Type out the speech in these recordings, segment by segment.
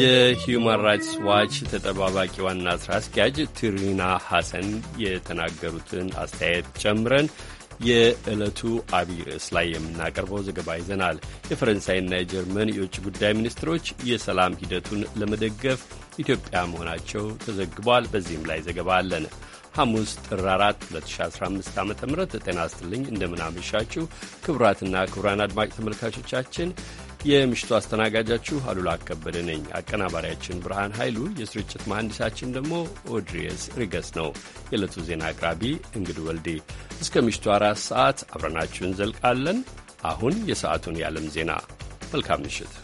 የሂዩማን ራይትስ ዋች ተጠባባቂ ዋና ስራ አስኪያጅ ትሪና ሐሰን የተናገሩትን አስተያየት ጨምረን የዕለቱ አብይ ርዕስ ላይ የምናቀርበው ዘገባ ይዘናል። የፈረንሳይና የጀርመን የውጭ ጉዳይ ሚኒስትሮች የሰላም ሂደቱን ለመደገፍ ኢትዮጵያ መሆናቸው ተዘግቧል። በዚህም ላይ ዘገባ አለን። ሐሙስ ጥር 4 2015 ዓ ም ጤና ይስጥልኝ እንደምናመሻችሁ ክቡራትና ክቡራን አድማጭ ተመልካቾቻችን የምሽቱ አስተናጋጃችሁ አሉላ አከበደ ነኝ። አቀናባሪያችን ብርሃን ኃይሉ፣ የስርጭት መሐንዲሳችን ደግሞ ኦድሪየስ ሪገስ ነው። የዕለቱ ዜና አቅራቢ እንግድ ወልዴ። እስከ ምሽቱ አራት ሰዓት አብረናችሁ እንዘልቃለን። አሁን የሰዓቱን የዓለም ዜና። መልካም ምሽት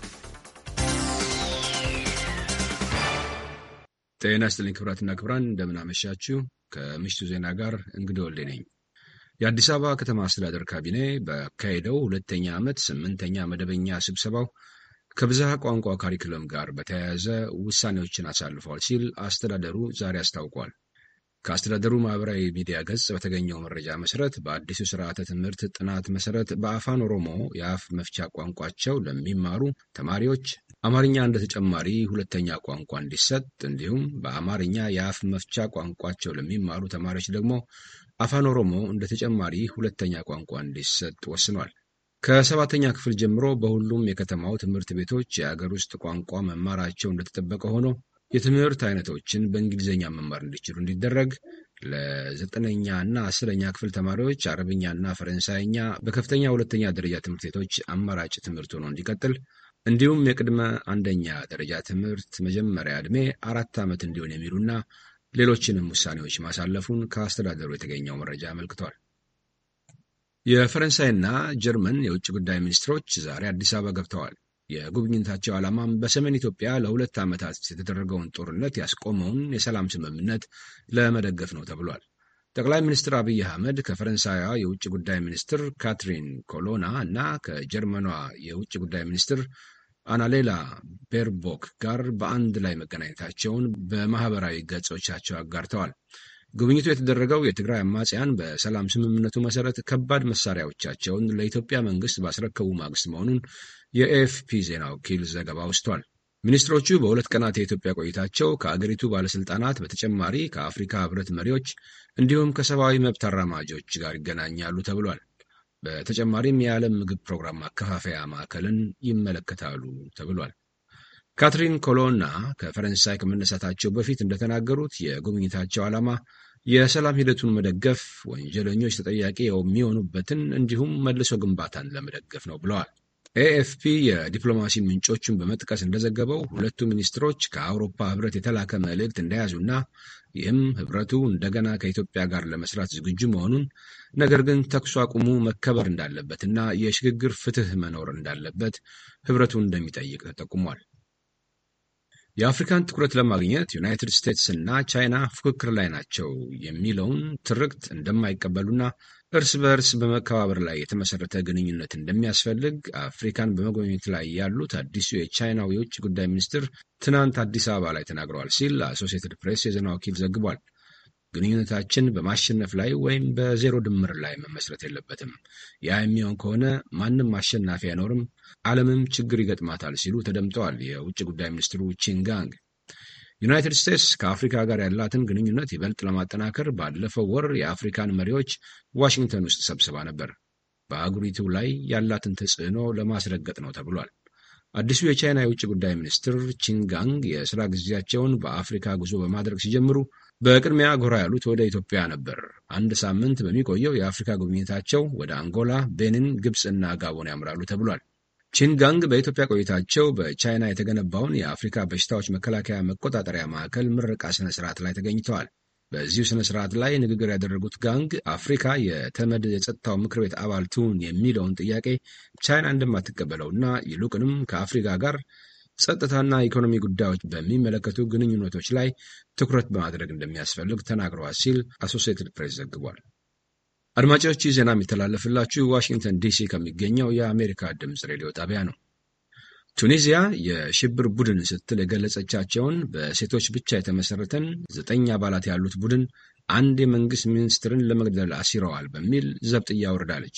ጤና ይስጥልኝ። ክብራትና ክብራን እንደምናመሻችሁ። ከምሽቱ ዜና ጋር እንግድ ወልዴ ነኝ። የአዲስ አበባ ከተማ አስተዳደር ካቢኔ በካሄደው ሁለተኛ ዓመት ስምንተኛ መደበኛ ስብሰባው ከብዝሃ ቋንቋ ካሪክለም ጋር በተያያዘ ውሳኔዎችን አሳልፏል ሲል አስተዳደሩ ዛሬ አስታውቋል። ከአስተዳደሩ ማህበራዊ ሚዲያ ገጽ በተገኘው መረጃ መሰረት በአዲሱ ስርዓተ ትምህርት ጥናት መሰረት በአፋን ኦሮሞ የአፍ መፍቻ ቋንቋቸው ለሚማሩ ተማሪዎች አማርኛ እንደ ተጨማሪ ሁለተኛ ቋንቋ እንዲሰጥ እንዲሁም በአማርኛ የአፍ መፍቻ ቋንቋቸው ለሚማሩ ተማሪዎች ደግሞ አፋን ኦሮሞ እንደ ተጨማሪ ሁለተኛ ቋንቋ እንዲሰጥ ወስኗል። ከሰባተኛ ክፍል ጀምሮ በሁሉም የከተማው ትምህርት ቤቶች የአገር ውስጥ ቋንቋ መማራቸው እንደተጠበቀ ሆኖ የትምህርት አይነቶችን በእንግሊዝኛ መማር እንዲችሉ እንዲደረግ ለዘጠነኛ እና አስረኛ ክፍል ተማሪዎች አረብኛና ፈረንሳይኛ በከፍተኛ ሁለተኛ ደረጃ ትምህርት ቤቶች አማራጭ ትምህርት ሆኖ እንዲቀጥል እንዲሁም የቅድመ አንደኛ ደረጃ ትምህርት መጀመሪያ ዕድሜ አራት ዓመት እንዲሆን የሚሉና ሌሎችንም ውሳኔዎች ማሳለፉን ከአስተዳደሩ የተገኘው መረጃ አመልክቷል። የፈረንሳይና ጀርመን የውጭ ጉዳይ ሚኒስትሮች ዛሬ አዲስ አበባ ገብተዋል። የጉብኝታቸው ዓላማም በሰሜን ኢትዮጵያ ለሁለት ዓመታት የተደረገውን ጦርነት ያስቆመውን የሰላም ስምምነት ለመደገፍ ነው ተብሏል። ጠቅላይ ሚኒስትር አብይ አህመድ ከፈረንሳያ የውጭ ጉዳይ ሚኒስትር ካትሪን ኮሎና እና ከጀርመኗ የውጭ ጉዳይ ሚኒስትር አናሌላ ቤርቦክ ጋር በአንድ ላይ መገናኘታቸውን በማህበራዊ ገጾቻቸው አጋርተዋል። ጉብኝቱ የተደረገው የትግራይ አማጽያን በሰላም ስምምነቱ መሰረት ከባድ መሳሪያዎቻቸውን ለኢትዮጵያ መንግስት ባስረከቡ ማግስት መሆኑን የኤኤፍፒ ዜና ወኪል ዘገባ ወስቷል። ሚኒስትሮቹ በሁለት ቀናት የኢትዮጵያ ቆይታቸው ከአገሪቱ ባለሥልጣናት በተጨማሪ ከአፍሪካ ህብረት መሪዎች እንዲሁም ከሰብአዊ መብት አራማጆች ጋር ይገናኛሉ ተብሏል። በተጨማሪም የዓለም ምግብ ፕሮግራም ማከፋፈያ ማዕከልን ይመለከታሉ ተብሏል። ካትሪን ኮሎና ከፈረንሳይ ከመነሳታቸው በፊት እንደተናገሩት የጉብኝታቸው ዓላማ የሰላም ሂደቱን መደገፍ፣ ወንጀለኞች ተጠያቂ የሚሆኑበትን እንዲሁም መልሶ ግንባታን ለመደገፍ ነው ብለዋል። ኤኤፍፒ የዲፕሎማሲ ምንጮቹን በመጥቀስ እንደዘገበው ሁለቱ ሚኒስትሮች ከአውሮፓ ህብረት የተላከ መልእክት እንደያዙና ይህም ህብረቱ እንደገና ከኢትዮጵያ ጋር ለመስራት ዝግጁ መሆኑን ነገር ግን ተኩስ አቁሙ መከበር እንዳለበትና የሽግግር ፍትህ መኖር እንዳለበት ህብረቱ እንደሚጠይቅ ተጠቁሟል። የአፍሪካን ትኩረት ለማግኘት ዩናይትድ ስቴትስ እና ቻይና ፉክክር ላይ ናቸው የሚለውን ትርክት እንደማይቀበሉና እርስ በእርስ በመከባበር ላይ የተመሰረተ ግንኙነት እንደሚያስፈልግ አፍሪካን በመጎብኘት ላይ ያሉት አዲሱ የቻይናው የውጭ ጉዳይ ሚኒስትር ትናንት አዲስ አበባ ላይ ተናግረዋል ሲል አሶሲየትድ ፕሬስ የዜና ወኪል ዘግቧል። ግንኙነታችን በማሸነፍ ላይ ወይም በዜሮ ድምር ላይ መመስረት የለበትም። ያ የሚሆን ከሆነ ማንም አሸናፊ አይኖርም፣ ዓለምም ችግር ይገጥማታል ሲሉ ተደምጠዋል የውጭ ጉዳይ ሚኒስትሩ ቺንጋንግ። ዩናይትድ ስቴትስ ከአፍሪካ ጋር ያላትን ግንኙነት ይበልጥ ለማጠናከር ባለፈው ወር የአፍሪካን መሪዎች ዋሽንግተን ውስጥ ሰብስባ ነበር። በአህጉሪቱ ላይ ያላትን ተጽዕኖ ለማስረገጥ ነው ተብሏል። አዲሱ የቻይና የውጭ ጉዳይ ሚኒስትር ቺንጋንግ የሥራ ጊዜያቸውን በአፍሪካ ጉዞ በማድረግ ሲጀምሩ በቅድሚያ ጎራ ያሉት ወደ ኢትዮጵያ ነበር። አንድ ሳምንት በሚቆየው የአፍሪካ ጉብኝታቸው ወደ አንጎላ፣ ቤኒን፣ ግብፅና ጋቦን ያምራሉ ተብሏል። ቺንጋንግ በኢትዮጵያ ቆይታቸው በቻይና የተገነባውን የአፍሪካ በሽታዎች መከላከያ መቆጣጠሪያ ማዕከል ምረቃ ስነ ስርዓት ላይ ተገኝተዋል። በዚሁ ስነ ስርዓት ላይ ንግግር ያደረጉት ጋንግ አፍሪካ የተመድ የጸጥታው ምክር ቤት አባል ትሁን የሚለውን ጥያቄ ቻይና እንደማትቀበለውና ይልቁንም ከአፍሪካ ጋር ጸጥታና ኢኮኖሚ ጉዳዮች በሚመለከቱ ግንኙነቶች ላይ ትኩረት በማድረግ እንደሚያስፈልግ ተናግረዋል ሲል አሶሴትድ ፕሬስ ዘግቧል። አድማጮች ዜና የሚተላለፍላችሁ ዋሽንግተን ዲሲ ከሚገኘው የአሜሪካ ድምፅ ሬዲዮ ጣቢያ ነው። ቱኒዚያ የሽብር ቡድን ስትል የገለጸቻቸውን በሴቶች ብቻ የተመሰረተን ዘጠኝ አባላት ያሉት ቡድን አንድ የመንግሥት ሚኒስትርን ለመግደል አሲረዋል በሚል ዘብጥያ ወርዳለች።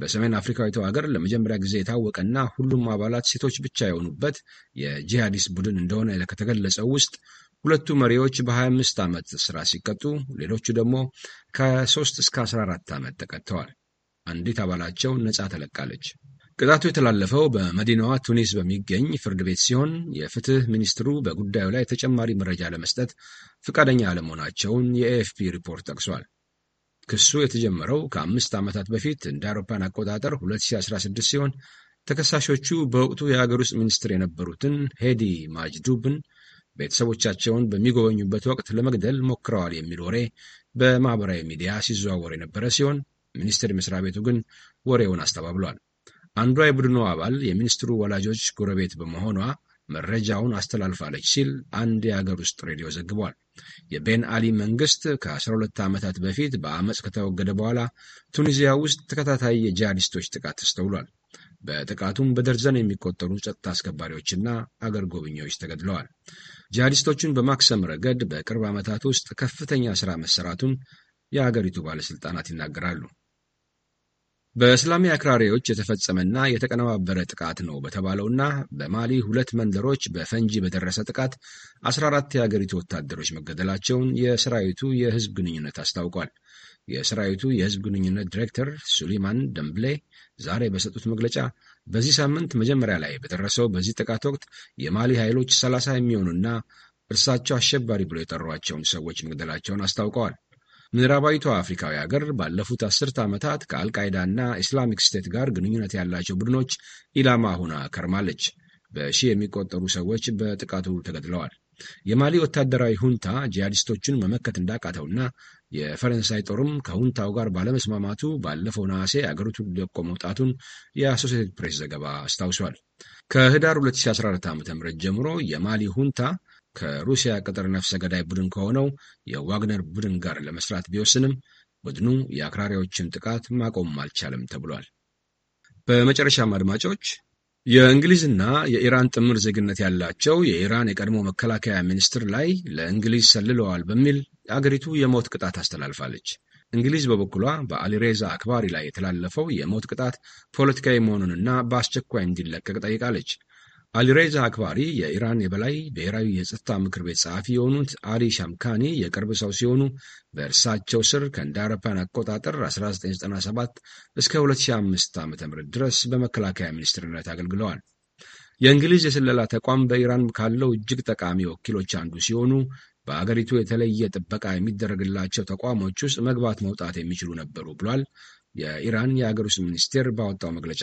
በሰሜን አፍሪካዊቱ ሀገር ለመጀመሪያ ጊዜ የታወቀና ሁሉም አባላት ሴቶች ብቻ የሆኑበት የጂሃዲስ ቡድን እንደሆነ ከተገለጸው ውስጥ ሁለቱ መሪዎች በ25 ዓመት ስራ ሲቀጡ ሌሎቹ ደግሞ ከ3 እስከ 14 ዓመት ተቀጥተዋል። አንዲት አባላቸው ነጻ ተለቃለች። ቅጣቱ የተላለፈው በመዲናዋ ቱኒስ በሚገኝ ፍርድ ቤት ሲሆን የፍትህ ሚኒስትሩ በጉዳዩ ላይ ተጨማሪ መረጃ ለመስጠት ፈቃደኛ አለመሆናቸውን የኤኤፍፒ ሪፖርት ጠቅሷል። ክሱ የተጀመረው ከአምስት ዓመታት በፊት እንደ አውሮፓን አቆጣጠር 2016 ሲሆን ተከሳሾቹ በወቅቱ የሀገር ውስጥ ሚኒስትር የነበሩትን ሄዲ ማጅዱብን ቤተሰቦቻቸውን በሚጎበኙበት ወቅት ለመግደል ሞክረዋል የሚል ወሬ በማኅበራዊ ሚዲያ ሲዘዋወር የነበረ ሲሆን ሚኒስቴር መስሪያ ቤቱ ግን ወሬውን አስተባብሏል። አንዷ የቡድኑ አባል የሚኒስትሩ ወላጆች ጎረቤት በመሆኗ መረጃውን አስተላልፋለች ሲል አንድ የአገር ውስጥ ሬዲዮ ዘግቧል። የቤን አሊ መንግስት ከ12 ዓመታት በፊት በአመፅ ከተወገደ በኋላ ቱኒዚያ ውስጥ ተከታታይ የጂሃዲስቶች ጥቃት ተስተውሏል። በጥቃቱም በደርዘን የሚቆጠሩ ጸጥታ አስከባሪዎችና አገር ጎብኚዎች ተገድለዋል። ጂሃዲስቶቹን በማክሰም ረገድ በቅርብ ዓመታት ውስጥ ከፍተኛ ሥራ መሰራቱን የአገሪቱ ባለሥልጣናት ይናገራሉ። በእስላሚ አክራሪዎች የተፈጸመና የተቀነባበረ ጥቃት ነው በተባለውና በማሊ ሁለት መንደሮች በፈንጂ በደረሰ ጥቃት 14 የአገሪቱ ወታደሮች መገደላቸውን የሰራዊቱ የህዝብ ግንኙነት አስታውቋል። የሰራዊቱ የህዝብ ግንኙነት ዲሬክተር ሱሊማን ደምብሌ ዛሬ በሰጡት መግለጫ በዚህ ሳምንት መጀመሪያ ላይ በደረሰው በዚህ ጥቃት ወቅት የማሊ ኃይሎች ሰላሳ የሚሆኑና እርሳቸው አሸባሪ ብሎ የጠሯቸውን ሰዎች መግደላቸውን አስታውቀዋል። ምዕራባዊቷ አፍሪካዊ ሀገር ባለፉት አስርት ዓመታት ከአልቃይዳና ኢስላሚክ ስቴት ጋር ግንኙነት ያላቸው ቡድኖች ኢላማ ሆና ከርማለች። በሺህ የሚቆጠሩ ሰዎች በጥቃቱ ተገድለዋል። የማሊ ወታደራዊ ሁንታ ጂሃዲስቶቹን መመከት እንዳቃተውና የፈረንሳይ ጦርም ከሁንታው ጋር ባለመስማማቱ ባለፈው ነሐሴ አገሪቱን ለቆ መውጣቱን የአሶሴትድ ፕሬስ ዘገባ አስታውሷል። ከህዳር 2014 ዓ ም ጀምሮ የማሊ ሁንታ ከሩሲያ ቅጥር ነፍሰ ገዳይ ቡድን ከሆነው የዋግነር ቡድን ጋር ለመስራት ቢወስንም ቡድኑ የአክራሪዎችን ጥቃት ማቆም አልቻለም ተብሏል። በመጨረሻም አድማጮች የእንግሊዝና የኢራን ጥምር ዜግነት ያላቸው የኢራን የቀድሞ መከላከያ ሚኒስትር ላይ ለእንግሊዝ ሰልለዋል በሚል አገሪቱ የሞት ቅጣት አስተላልፋለች። እንግሊዝ በበኩሏ በአሊሬዛ አክባሪ ላይ የተላለፈው የሞት ቅጣት ፖለቲካዊ መሆኑንና በአስቸኳይ እንዲለቀቅ ጠይቃለች። አሊሬዛ አክባሪ የኢራን የበላይ ብሔራዊ የጸጥታ ምክር ቤት ጸሐፊ የሆኑት አሊ ሻምካኒ የቅርብ ሰው ሲሆኑ በእርሳቸው ስር ከእንደ አውሮፓውያን አቆጣጠር 1997 እስከ 2005 ዓ.ም ድረስ በመከላከያ ሚኒስትርነት አገልግለዋል። የእንግሊዝ የስለላ ተቋም በኢራን ካለው እጅግ ጠቃሚ ወኪሎች አንዱ ሲሆኑ በአገሪቱ የተለየ ጥበቃ የሚደረግላቸው ተቋሞች ውስጥ መግባት መውጣት የሚችሉ ነበሩ ብሏል የኢራን የአገር ውስጥ ሚኒስቴር ባወጣው መግለጫ።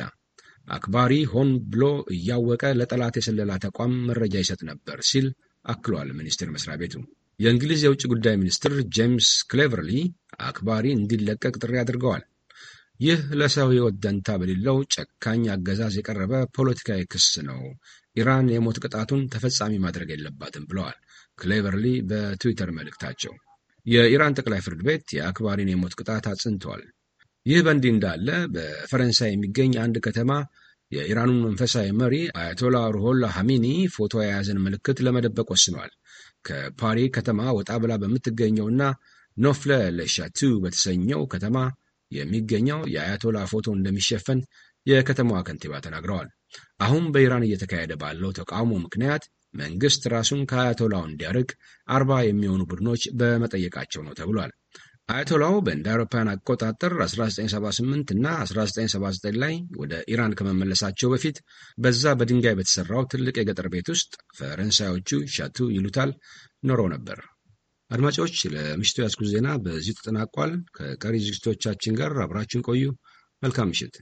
አክባሪ ሆን ብሎ እያወቀ ለጠላት የስለላ ተቋም መረጃ ይሰጥ ነበር ሲል አክሏል ሚኒስቴር መስሪያ ቤቱ። የእንግሊዝ የውጭ ጉዳይ ሚኒስትር ጄምስ ክሌቨርሊ አክባሪ እንዲለቀቅ ጥሪ አድርገዋል። ይህ ለሰው ሕይወት ደንታ በሌለው ጨካኝ አገዛዝ የቀረበ ፖለቲካዊ ክስ ነው፣ ኢራን የሞት ቅጣቱን ተፈጻሚ ማድረግ የለባትም ብለዋል ክሌቨርሊ በትዊተር መልእክታቸው። የኢራን ጠቅላይ ፍርድ ቤት የአክባሪን የሞት ቅጣት አጽንቷል። ይህ በእንዲህ እንዳለ በፈረንሳይ የሚገኝ አንድ ከተማ የኢራኑ መንፈሳዊ መሪ አያቶላ ሩሆላ ሐሚኒ ፎቶ የያዘን ምልክት ለመደበቅ ወስነዋል። ከፓሪ ከተማ ወጣ ብላ በምትገኘውና ኖፍለ ለሻቱ በተሰኘው ከተማ የሚገኘው የአያቶላ ፎቶ እንደሚሸፈን የከተማዋ ከንቲባ ተናግረዋል። አሁን በኢራን እየተካሄደ ባለው ተቃውሞ ምክንያት መንግስት ራሱን ከአያቶላው እንዲያርቅ አርባ የሚሆኑ ቡድኖች በመጠየቃቸው ነው ተብሏል። አያቶላው በእንደ አውሮፓውያን አቆጣጠር 1978 እና 1979 ላይ ወደ ኢራን ከመመለሳቸው በፊት በዛ በድንጋይ በተሰራው ትልቅ የገጠር ቤት ውስጥ ፈረንሳዮቹ ሻቱ ይሉታል ኖረው ነበር። አድማጮች፣ ለምሽቱ ያስኩት ዜና በዚሁ ተጠናቋል። ከቀሪ ዝግጅቶቻችን ጋር አብራችን ቆዩ። መልካም ምሽት።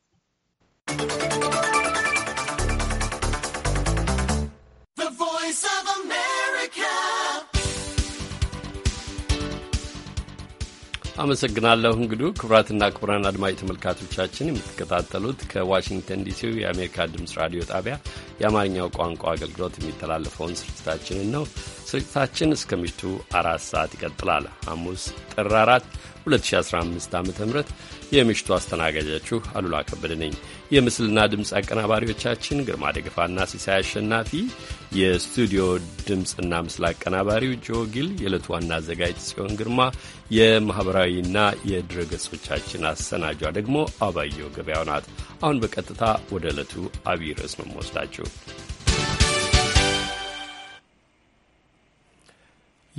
አመሰግናለሁ እንግዱ። ክቡራትና ክቡራን አድማጭ ተመልካቾቻችን የምትከታተሉት ከዋሽንግተን ዲሲው የአሜሪካ ድምፅ ራዲዮ ጣቢያ የአማርኛው ቋንቋ አገልግሎት የሚተላለፈውን ስርጭታችንን ነው። ስርጭታችን እስከ ምሽቱ አራት ሰዓት ይቀጥላል። ሐሙስ ጥር አራት 2015 ዓ ም የምሽቱ አስተናጋጃችሁ አሉላ ከበደ ነኝ። የምስልና ድምፅ አቀናባሪዎቻችን ግርማ ደግፋና ሲሳይ አሸናፊ የስቱዲዮ ድምፅና ምስል አቀናባሪው ጆ ጊል፣ የዕለቱ ዋና አዘጋጅ ጽዮን ግርማ፣ የማኅበራዊና የድረገጾቻችን አሰናጇ ደግሞ አባየው ገበያው ናት። አሁን በቀጥታ ወደ ዕለቱ አብይ ርዕስ ነው የምወስዳችሁ።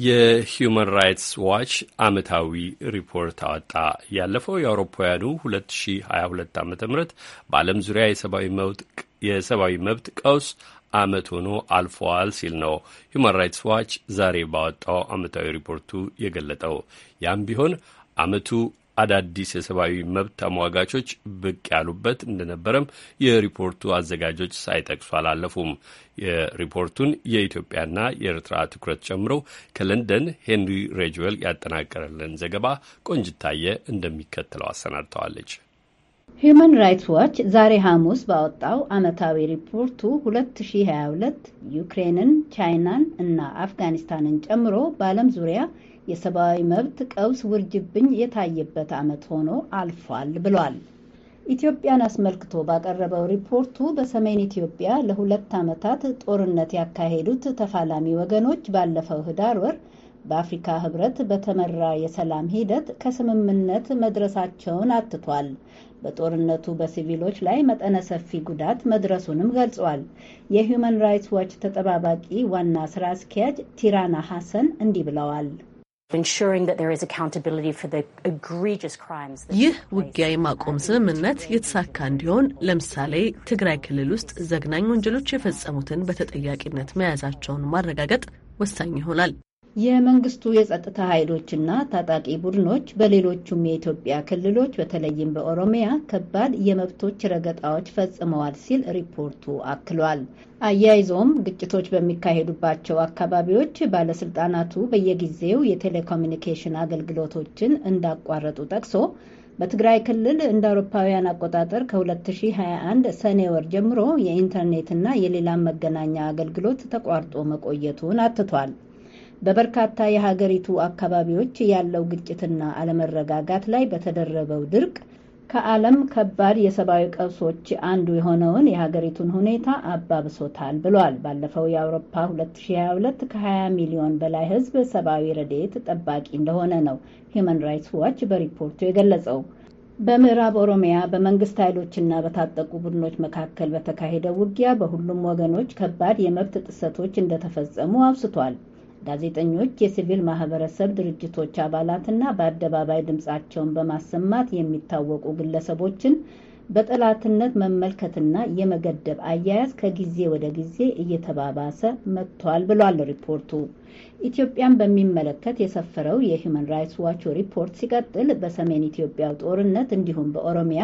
የሂዩማን ራይትስ ዋች አመታዊ ሪፖርት አወጣ። ያለፈው የአውሮፓውያኑ 2022 ዓ ም በዓለም ዙሪያ የሰብአዊ መብት ቀውስ ዓመት ሆኖ አልፈዋል ሲል ነው ሁማን ራይትስ ዋች ዛሬ ባወጣው ዓመታዊ ሪፖርቱ የገለጠው። ያም ቢሆን ዓመቱ አዳዲስ የሰብአዊ መብት ተሟጋቾች ብቅ ያሉበት እንደነበረም የሪፖርቱ አዘጋጆች ሳይጠቅሱ አላለፉም። የሪፖርቱን የኢትዮጵያና የኤርትራ ትኩረት ጨምሮ ከለንደን ሄንሪ ሬጅዌል ያጠናቀረልን ዘገባ ቆንጅታየ እንደሚከተለው አሰናድተዋለች። ሂዩማን ራይትስ ዋች ዛሬ ሐሙስ ባወጣው ዓመታዊ ሪፖርቱ 2022 ዩክሬንን፣ ቻይናን እና አፍጋኒስታንን ጨምሮ በዓለም ዙሪያ የሰብአዊ መብት ቀውስ ውርጅብኝ የታየበት ዓመት ሆኖ አልፏል ብሏል። ኢትዮጵያን አስመልክቶ ባቀረበው ሪፖርቱ በሰሜን ኢትዮጵያ ለሁለት ዓመታት ጦርነት ያካሄዱት ተፋላሚ ወገኖች ባለፈው ህዳር ወር በአፍሪካ ህብረት በተመራ የሰላም ሂደት ከስምምነት መድረሳቸውን አትቷል። በጦርነቱ በሲቪሎች ላይ መጠነ ሰፊ ጉዳት መድረሱንም ገልጿል። የሁማን ራይትስ ዋች ተጠባባቂ ዋና ስራ አስኪያጅ ቲራና ሐሰን እንዲህ ብለዋል። ይህ ውጊያ የማቆም ስምምነት የተሳካ እንዲሆን ለምሳሌ ትግራይ ክልል ውስጥ ዘግናኝ ወንጀሎች የፈጸሙትን በተጠያቂነት መያዛቸውን ማረጋገጥ ወሳኝ ይሆናል። የመንግስቱ የጸጥታ ኃይሎችና ታጣቂ ቡድኖች በሌሎቹም የኢትዮጵያ ክልሎች በተለይም በኦሮሚያ ከባድ የመብቶች ረገጣዎች ፈጽመዋል ሲል ሪፖርቱ አክሏል። አያይዞም ግጭቶች በሚካሄዱባቸው አካባቢዎች ባለስልጣናቱ በየጊዜው የቴሌኮሚኒኬሽን አገልግሎቶችን እንዳቋረጡ ጠቅሶ በትግራይ ክልል እንደ አውሮፓውያን አቆጣጠር ከ2021 ሰኔ ወር ጀምሮ የኢንተርኔትና የሌላም መገናኛ አገልግሎት ተቋርጦ መቆየቱን አትቷል። በበርካታ የሀገሪቱ አካባቢዎች ያለው ግጭትና አለመረጋጋት ላይ በተደረበው ድርቅ ከዓለም ከባድ የሰብአዊ ቀውሶች አንዱ የሆነውን የሀገሪቱን ሁኔታ አባብሶታል ብሏል። ባለፈው የአውሮፓ 2022 ከ20 ሚሊዮን በላይ ሕዝብ ሰብአዊ ረድኤት ጠባቂ እንደሆነ ነው ሂዩማን ራይትስ ዋች በሪፖርቱ የገለጸው። በምዕራብ ኦሮሚያ በመንግስት ኃይሎችና በታጠቁ ቡድኖች መካከል በተካሄደው ውጊያ በሁሉም ወገኖች ከባድ የመብት ጥሰቶች እንደተፈጸሙ አውስቷል። ጋዜጠኞች፣ የሲቪል ማህበረሰብ ድርጅቶች አባላትና በአደባባይ ድምፃቸውን በማሰማት የሚታወቁ ግለሰቦችን በጠላትነት መመልከትና የመገደብ አያያዝ ከጊዜ ወደ ጊዜ እየተባባሰ መጥቷል ብሏል ሪፖርቱ። ኢትዮጵያን በሚመለከት የሰፈረው የሂውማን ራይትስ ዋች ሪፖርት ሲቀጥል በሰሜን ኢትዮጵያው ጦርነት እንዲሁም በኦሮሚያ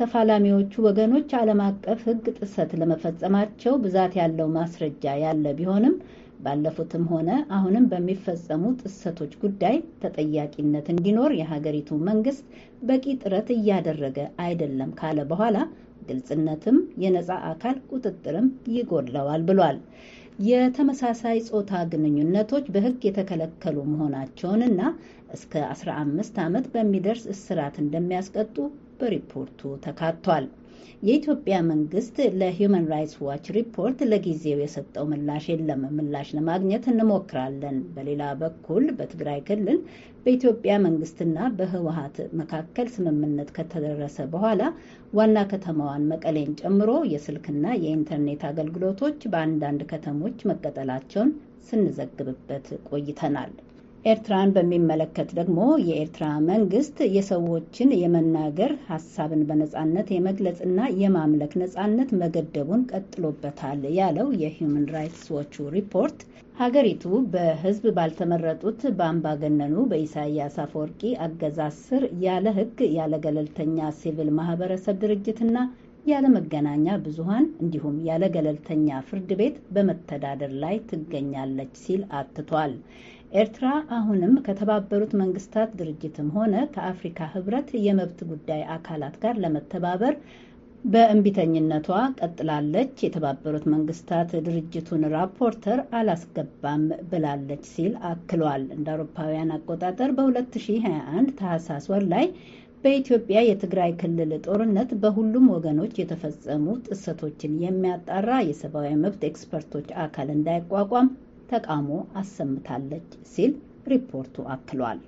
ተፋላሚዎቹ ወገኖች ዓለም አቀፍ ሕግ ጥሰት ለመፈጸማቸው ብዛት ያለው ማስረጃ ያለ ቢሆንም ባለፉትም ሆነ አሁንም በሚፈጸሙ ጥሰቶች ጉዳይ ተጠያቂነት እንዲኖር የሀገሪቱ መንግስት በቂ ጥረት እያደረገ አይደለም ካለ በኋላ ግልጽነትም የነፃ አካል ቁጥጥርም ይጎድለዋል ብሏል። የተመሳሳይ ጾታ ግንኙነቶች በሕግ የተከለከሉ መሆናቸውንና እስከ 15 ዓመት በሚደርስ እስራት እንደሚያስቀጡ በሪፖርቱ ተካቷል። የኢትዮጵያ መንግስት ለሂውማን ራይትስ ዋች ሪፖርት ለጊዜው የሰጠው ምላሽ የለም። ምላሽ ለማግኘት እንሞክራለን። በሌላ በኩል በትግራይ ክልል በኢትዮጵያ መንግስትና በህወሀት መካከል ስምምነት ከተደረሰ በኋላ ዋና ከተማዋን መቀሌን ጨምሮ የስልክና የኢንተርኔት አገልግሎቶች በአንዳንድ ከተሞች መቀጠላቸውን ስንዘግብበት ቆይተናል። ኤርትራን በሚመለከት ደግሞ የኤርትራ መንግስት የሰዎችን የመናገር ሀሳብን በነጻነት የመግለጽና የማምለክ ነጻነት መገደቡን ቀጥሎበታል ያለው የሂዩማን ራይትስ ዎቹ ሪፖርት ሀገሪቱ በህዝብ ባልተመረጡት በአምባገነኑ በኢሳያስ አፈወርቂ አገዛዝ ስር ያለ ህግ ያለ ገለልተኛ ሲቪል ማህበረሰብ ድርጅትና ያለ መገናኛ ብዙሃን እንዲሁም ያለ ገለልተኛ ፍርድ ቤት በመተዳደር ላይ ትገኛለች ሲል አትቷል። ኤርትራ አሁንም ከተባበሩት መንግስታት ድርጅትም ሆነ ከአፍሪካ ህብረት የመብት ጉዳይ አካላት ጋር ለመተባበር በእንቢተኝነቷ ቀጥላለች። የተባበሩት መንግስታት ድርጅቱን ራፖርተር አላስገባም ብላለች ሲል አክሏል። እንደ አውሮፓውያን አቆጣጠር በ2021 ታህሳስ ወር ላይ በኢትዮጵያ የትግራይ ክልል ጦርነት በሁሉም ወገኖች የተፈጸሙ ጥሰቶችን የሚያጣራ የሰብአዊ መብት ኤክስፐርቶች አካል እንዳይቋቋም ተቃውሞ አሰምታለች ሲል ሪፖርቱ አክሏል።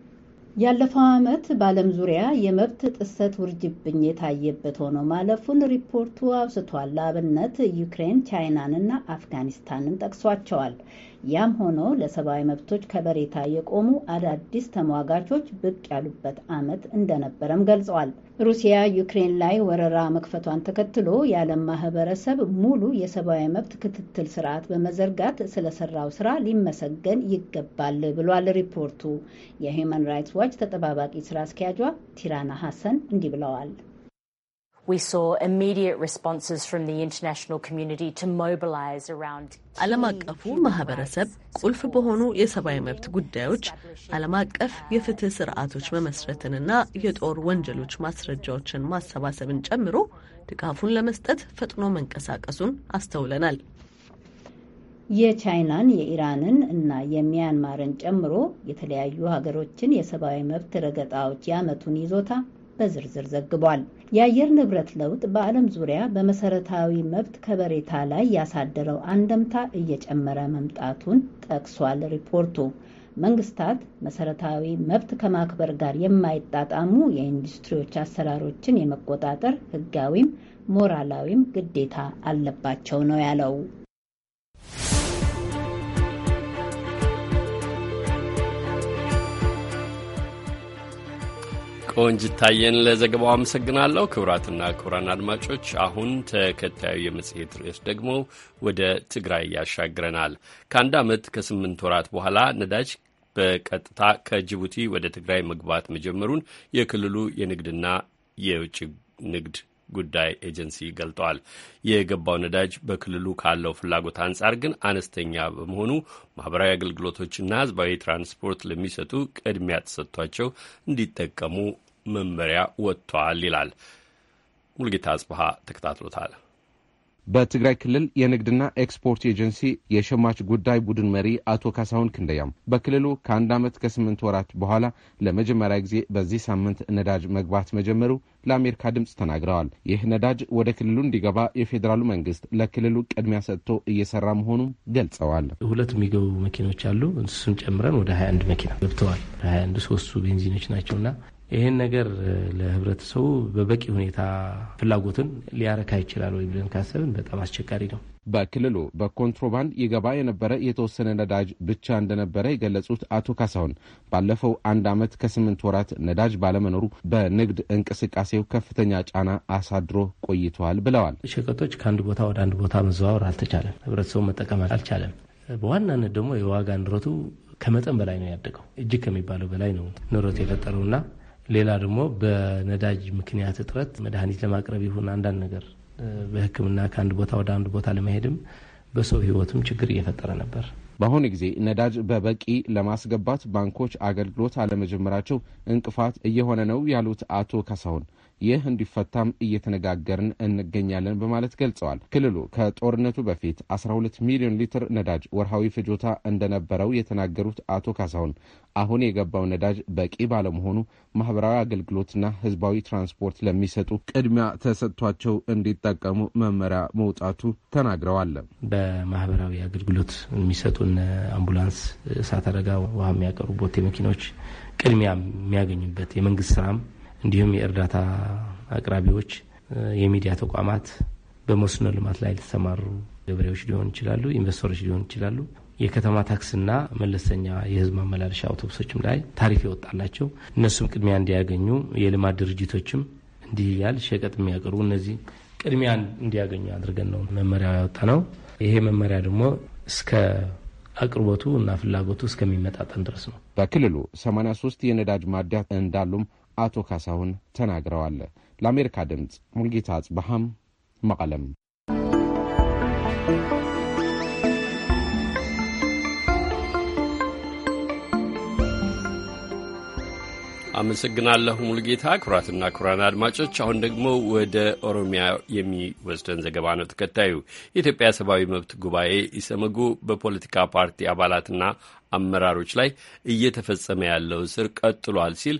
ያለፈው ዓመት በዓለም ዙሪያ የመብት ጥሰት ውርጅብኝ የታየበት ሆኖ ማለፉን ሪፖርቱ አውስቷል። ለአብነት ዩክሬን፣ ቻይናንና አፍጋኒስታንን ጠቅሷቸዋል። ያም ሆኖ ለሰብአዊ መብቶች ከበሬታ የቆሙ አዳዲስ ተሟጋቾች ብቅ ያሉበት ዓመት እንደነበረም ገልጸዋል። ሩሲያ ዩክሬን ላይ ወረራ መክፈቷን ተከትሎ የዓለም ማህበረሰብ ሙሉ የሰብአዊ መብት ክትትል ስርዓት በመዘርጋት ስለሰራው ስራ ሊመሰገን ይገባል ብሏል ሪፖርቱ። የሂውማን ራይትስ ዋች ተጠባባቂ ስራ አስኪያጇ ቲራና ሀሰን እንዲህ ብለዋል። ዓለም አቀፉ ማህበረሰብ ቁልፍ በሆኑ የሰብአዊ መብት ጉዳዮች ዓለም አቀፍ የፍትህ ስርዓቶች መመስረትንና የጦር ወንጀሎች ማስረጃዎችን ማሰባሰብን ጨምሮ ድጋፉን ለመስጠት ፈጥኖ መንቀሳቀሱን አስተውለናል። የቻይናን የኢራንን እና የሚያንማርን ጨምሮ የተለያዩ ሀገሮችን የሰብአዊ መብት ረገጣዎች የዓመቱን ይዞታ በዝርዝር ዘግቧል። የአየር ንብረት ለውጥ በዓለም ዙሪያ በመሰረታዊ መብት ከበሬታ ላይ ያሳደረው አንደምታ እየጨመረ መምጣቱን ጠቅሷል ሪፖርቱ። መንግስታት መሰረታዊ መብት ከማክበር ጋር የማይጣጣሙ የኢንዱስትሪዎች አሰራሮችን የመቆጣጠር ህጋዊም ሞራላዊም ግዴታ አለባቸው ነው ያለው። ቆንጅት ታየን ለዘገባው አመሰግናለሁ። ክቡራትና ክቡራን አድማጮች አሁን ተከታዩ የመጽሔት ርዕስ ደግሞ ወደ ትግራይ ያሻግረናል። ከአንድ ዓመት ከስምንት ወራት በኋላ ነዳጅ በቀጥታ ከጅቡቲ ወደ ትግራይ መግባት መጀመሩን የክልሉ የንግድና የውጭ ንግድ ጉዳይ ኤጀንሲ ገልጠዋል። የገባው ነዳጅ በክልሉ ካለው ፍላጎት አንጻር ግን አነስተኛ በመሆኑ ማህበራዊ አገልግሎቶችና ሕዝባዊ ትራንስፖርት ለሚሰጡ ቅድሚያ ተሰጥቷቸው እንዲጠቀሙ መመሪያ ወጥቷል ይላል። ሙልጌታ አጽብሃ ተከታትሎታል። በትግራይ ክልል የንግድና ኤክስፖርት ኤጀንሲ የሸማች ጉዳይ ቡድን መሪ አቶ ካሳሁን ክንደያም በክልሉ ከአንድ ዓመት ከስምንት ወራት በኋላ ለመጀመሪያ ጊዜ በዚህ ሳምንት ነዳጅ መግባት መጀመሩ ለአሜሪካ ድምፅ ተናግረዋል። ይህ ነዳጅ ወደ ክልሉ እንዲገባ የፌዴራሉ መንግስት ለክልሉ ቅድሚያ ሰጥቶ እየሰራ መሆኑም ገልጸዋል። ሁለት የሚገቡ መኪኖች አሉ። እሱን ጨምረን ወደ 21 መኪና ገብተዋል። 21 ሶስቱ ቤንዚኖች ናቸውና ይህን ነገር ለህብረተሰቡ በበቂ ሁኔታ ፍላጎትን ሊያረካ ይችላል ወይ ብለን ካሰብን በጣም አስቸጋሪ ነው። በክልሉ በኮንትሮባንድ ይገባ የነበረ የተወሰነ ነዳጅ ብቻ እንደነበረ የገለጹት አቶ ካሳሁን ባለፈው አንድ ዓመት ከስምንት ወራት ነዳጅ ባለመኖሩ በንግድ እንቅስቃሴው ከፍተኛ ጫና አሳድሮ ቆይተዋል ብለዋል። ሸቀጦች ከአንድ ቦታ ወደ አንድ ቦታ መዘዋወር አልተቻለም። ህብረተሰቡ መጠቀም አልቻለም። በዋናነት ደግሞ የዋጋ ንረቱ ከመጠን በላይ ነው ያደገው። እጅግ ከሚባለው በላይ ነው ንረቱ የፈጠረውና ሌላ ደግሞ በነዳጅ ምክንያት እጥረት መድኃኒት ለማቅረብ ይሁን አንዳንድ ነገር በሕክምና ከአንድ ቦታ ወደ አንድ ቦታ ለመሄድም በሰው ህይወትም ችግር እየፈጠረ ነበር። በአሁኑ ጊዜ ነዳጅ በበቂ ለማስገባት ባንኮች አገልግሎት አለመጀመራቸው እንቅፋት እየሆነ ነው ያሉት አቶ ካሳሁን ይህ እንዲፈታም እየተነጋገርን እንገኛለን በማለት ገልጸዋል። ክልሉ ከጦርነቱ በፊት 12 ሚሊዮን ሊትር ነዳጅ ወርሃዊ ፍጆታ እንደነበረው የተናገሩት አቶ ካሳሁን አሁን የገባው ነዳጅ በቂ ባለመሆኑ ማህበራዊ አገልግሎትና ህዝባዊ ትራንስፖርት ለሚሰጡ ቅድሚያ ተሰጥቷቸው እንዲጠቀሙ መመሪያ መውጣቱ ተናግረዋል። በማህበራዊ አገልግሎት የሚሰጡን አምቡላንስ፣ እሳት አደጋ ውሃ የሚያቀርቡ ቦቴ መኪኖች ቅድሚያ የሚያገኙበት የመንግስት ስራም እንዲሁም የእርዳታ አቅራቢዎች፣ የሚዲያ ተቋማት፣ በመስኖ ልማት ላይ የተሰማሩ ገበሬዎች ሊሆን ይችላሉ፣ ኢንቨስተሮች ሊሆን ይችላሉ። የከተማ ታክስና መለስተኛ የህዝብ ማመላለሻ አውቶቡሶችም ላይ ታሪፍ ይወጣላቸው፣ እነሱም ቅድሚያ እንዲያገኙ የልማት ድርጅቶችም እንዲህ እያል ሸቀጥ የሚያቀርቡ እነዚህ ቅድሚያ እንዲያገኙ አድርገን ነው መመሪያ ያወጣ ነው። ይሄ መመሪያ ደግሞ እስከ አቅርቦቱ እና ፍላጎቱ እስከሚመጣጠን ድረስ ነው። በክልሉ 83 የነዳጅ ማደያ እንዳሉም አቶ ካሳሁን ተናግረዋል። ለአሜሪካ ድምፅ ሙልጌታ አጽበሃም መቀለም። አመሰግናለሁ ሙልጌታ። ክቡራትና ክቡራን አድማጮች አሁን ደግሞ ወደ ኦሮሚያ የሚወስደን ዘገባ ነው ተከታዩ። የኢትዮጵያ ሰብአዊ መብት ጉባኤ ኢሰመጉ በፖለቲካ ፓርቲ አባላትና አመራሮች ላይ እየተፈጸመ ያለው እስር ቀጥሏል ሲል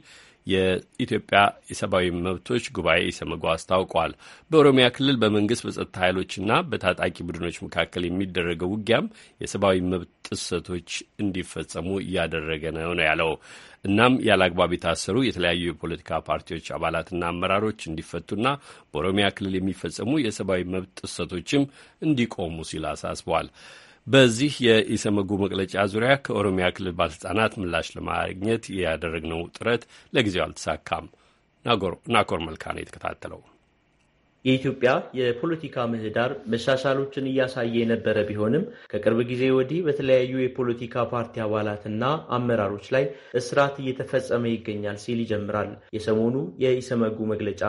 የኢትዮጵያ የሰብአዊ መብቶች ጉባኤ ኢሰመጉ አስታውቋል። በኦሮሚያ ክልል በመንግስት በጸጥታ ኃይሎችና በታጣቂ ቡድኖች መካከል የሚደረገው ውጊያም የሰብአዊ መብት ጥሰቶች እንዲፈጸሙ እያደረገ ነው ነው ያለው። እናም ያለአግባብ የታሰሩ የተለያዩ የፖለቲካ ፓርቲዎች አባላትና አመራሮች እንዲፈቱና በኦሮሚያ ክልል የሚፈጸሙ የሰብአዊ መብት ጥሰቶችም እንዲቆሙ ሲል አሳስቧል። በዚህ የኢሰመጉ መግለጫ ዙሪያ ከኦሮሚያ ክልል ባለሥልጣናት ምላሽ ለማግኘት ያደረግነው ጥረት ለጊዜው አልተሳካም። ናኮር መልካ ነው የተከታተለው። የኢትዮጵያ የፖለቲካ ምህዳር መሻሻሎችን እያሳየ የነበረ ቢሆንም ከቅርብ ጊዜ ወዲህ በተለያዩ የፖለቲካ ፓርቲ አባላትና አመራሮች ላይ እስራት እየተፈጸመ ይገኛል ሲል ይጀምራል የሰሞኑ የኢሰመጉ መግለጫ።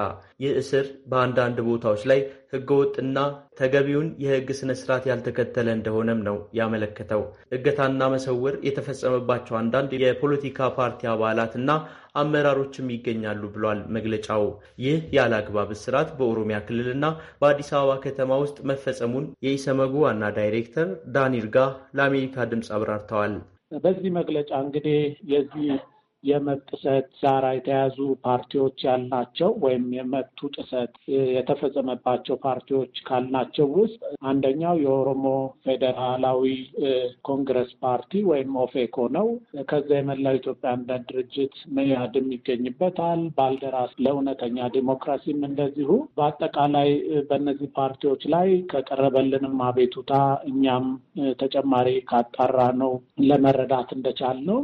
ይህ እስር በአንዳንድ ቦታዎች ላይ ህገወጥና ተገቢውን የህግ ስነ ስርዓት ያልተከተለ እንደሆነም ነው ያመለከተው። እገታና መሰወር የተፈጸመባቸው አንዳንድ የፖለቲካ ፓርቲ አባላትና አመራሮችም ይገኛሉ ብሏል መግለጫው። ይህ ያለ አግባብ እስራት በኦሮሚያ ክልልና በአዲስ አበባ ከተማ ውስጥ መፈጸሙን የኢሰመጉ ዋና ዳይሬክተር ጋ ለአሜሪካ ድምፅ አብራርተዋል። በዚህ መግለጫ እንግዲህ የዚህ የመጥሰት ዛራ የተያዙ ፓርቲዎች ያልናቸው ወይም የመብቱ ጥሰት የተፈጸመባቸው ፓርቲዎች ካልናቸው ውስጥ አንደኛው የኦሮሞ ፌዴራላዊ ኮንግረስ ፓርቲ ወይም ኦፌኮ ነው። ከዛ የመላው ኢትዮጵያ አንድነት ድርጅት መያድም ይገኝበታል። ባልደራስ ለእውነተኛ ዲሞክራሲም እንደዚሁ። በአጠቃላይ በእነዚህ ፓርቲዎች ላይ ከቀረበልንም አቤቱታ እኛም ተጨማሪ ካጣራ ነው ለመረዳት እንደቻል ነው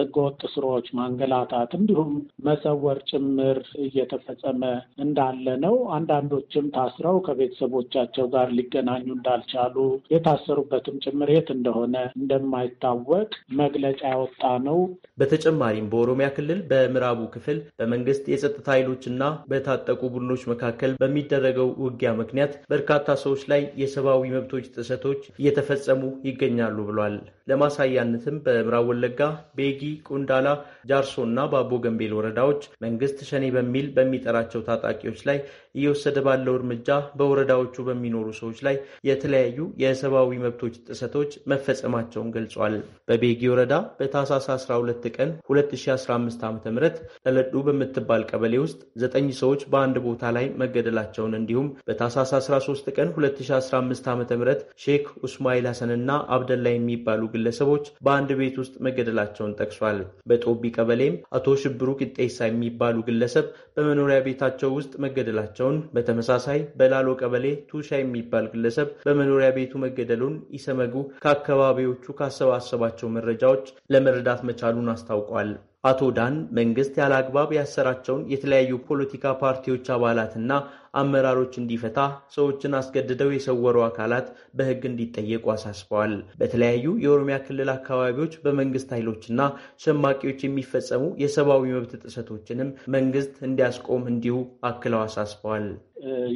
ህገወጥ ስሮዎች ማንገላታት፣ እንዲሁም መሰወር ጭምር እየተፈጸመ እንዳለ ነው። አንዳንዶችም ታስረው ከቤተሰቦቻቸው ጋር ሊገናኙ እንዳልቻሉ የታሰሩበትም ጭምር የት እንደሆነ እንደማይታወቅ መግለጫ ያወጣ ነው። በተጨማሪም በኦሮሚያ ክልል በምዕራቡ ክፍል በመንግስት የጸጥታ ኃይሎችና በታጠቁ ቡድኖች መካከል በሚደረገው ውጊያ ምክንያት በርካታ ሰዎች ላይ የሰብአዊ መብቶች ጥሰቶች እየተፈጸሙ ይገኛሉ ብሏል። ለማሳያነትም በምዕራብ ወለጋ ቤጊ፣ ቁንዳላ፣ ጃርሶ እና በአቦ ገንቤል ወረዳዎች መንግስት ሸኔ በሚል በሚጠራቸው ታጣቂዎች ላይ እየወሰደ ባለው እርምጃ በወረዳዎቹ በሚኖሩ ሰዎች ላይ የተለያዩ የሰብአዊ መብቶች ጥሰቶች መፈጸማቸውን ገልጿል። በቤጊ ወረዳ በታህሳስ 12 ቀን 2015 ዓ ም ጠለዱ በምትባል ቀበሌ ውስጥ ዘጠኝ ሰዎች በአንድ ቦታ ላይ መገደላቸውን እንዲሁም በታህሳስ 13 ቀን 2015 ዓ ም ሼክ ኡስማኤል ሀሰንና አብደላ የሚባሉ ግለሰቦች በአንድ ቤት ውስጥ መገደላቸውን ጠቅሷል። በጦቢ ቀበሌም አቶ ሽብሩ ቅጤሳ የሚባሉ ግለሰብ በመኖሪያ ቤታቸው ውስጥ መገደላቸውን፣ በተመሳሳይ በላሎ ቀበሌ ቱሻ የሚባል ግለሰብ በመኖሪያ ቤቱ መገደሉን ኢሰመጉ ከአካባቢዎቹ ካሰባሰባቸው መረጃዎች ለመረዳት መቻሉን አስታውቋል። አቶ ዳን መንግስት ያለ አግባብ ያሰራቸውን የተለያዩ ፖለቲካ ፓርቲዎች አባላትና አመራሮች እንዲፈታ ሰዎችን አስገድደው የሰወሩ አካላት በህግ እንዲጠየቁ አሳስበዋል። በተለያዩ የኦሮሚያ ክልል አካባቢዎች በመንግስት ኃይሎችና ሸማቂዎች የሚፈጸሙ የሰብአዊ መብት ጥሰቶችንም መንግስት እንዲያስቆም እንዲሁ አክለው አሳስበዋል።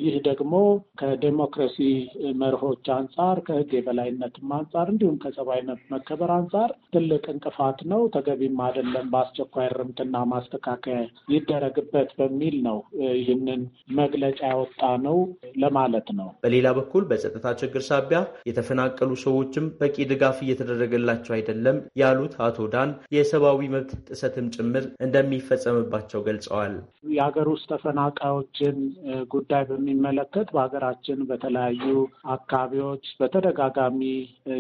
ይህ ደግሞ ከዴሞክራሲ መርሆች አንጻር ከህግ የበላይነትም አንጻር እንዲሁም ከሰብአዊ መብት መከበር አንጻር ትልቅ እንቅፋት ነው፣ ተገቢም አይደለም። በአስቸኳይ እርምትና ማስተካከያ ይደረግበት በሚል ነው ይህንን መግለጫ ያወጣ ነው ለማለት ነው። በሌላ በኩል በጸጥታ ችግር ሳቢያ የተፈናቀሉ ሰዎችም በቂ ድጋፍ እየተደረገላቸው አይደለም ያሉት አቶ ዳን የሰብአዊ መብት ጥሰትም ጭምር እንደሚፈጸምባቸው ገልጸዋል። የሀገር ውስጥ ተፈናቃዮችን ጉዳይ በሚመለከት በሀገራችን በተለያዩ አካባቢዎች በተደጋጋሚ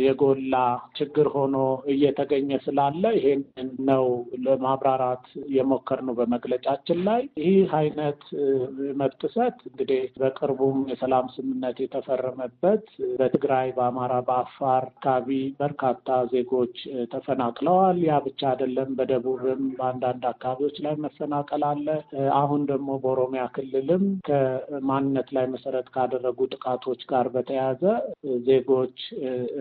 የጎላ ችግር ሆኖ እየተገኘ ስላለ ይሄን ነው ለማብራራት የሞከርነው በመግለጫችን ላይ ይህ አይነት መብት ጥሰት እንግዲህ በቅርቡም የሰላም ስምምነት የተፈረመበት በትግራይ፣ በአማራ፣ በአፋር አካባቢ በርካታ ዜጎች ተፈናቅለዋል። ያ ብቻ አይደለም። በደቡብም በአንዳንድ አካባቢዎች ላይ መፈናቀል አለ። አሁን ደግሞ በኦሮሚያ ክልልም ከማንነት ላይ መሰረት ካደረጉ ጥቃቶች ጋር በተያያዘ ዜጎች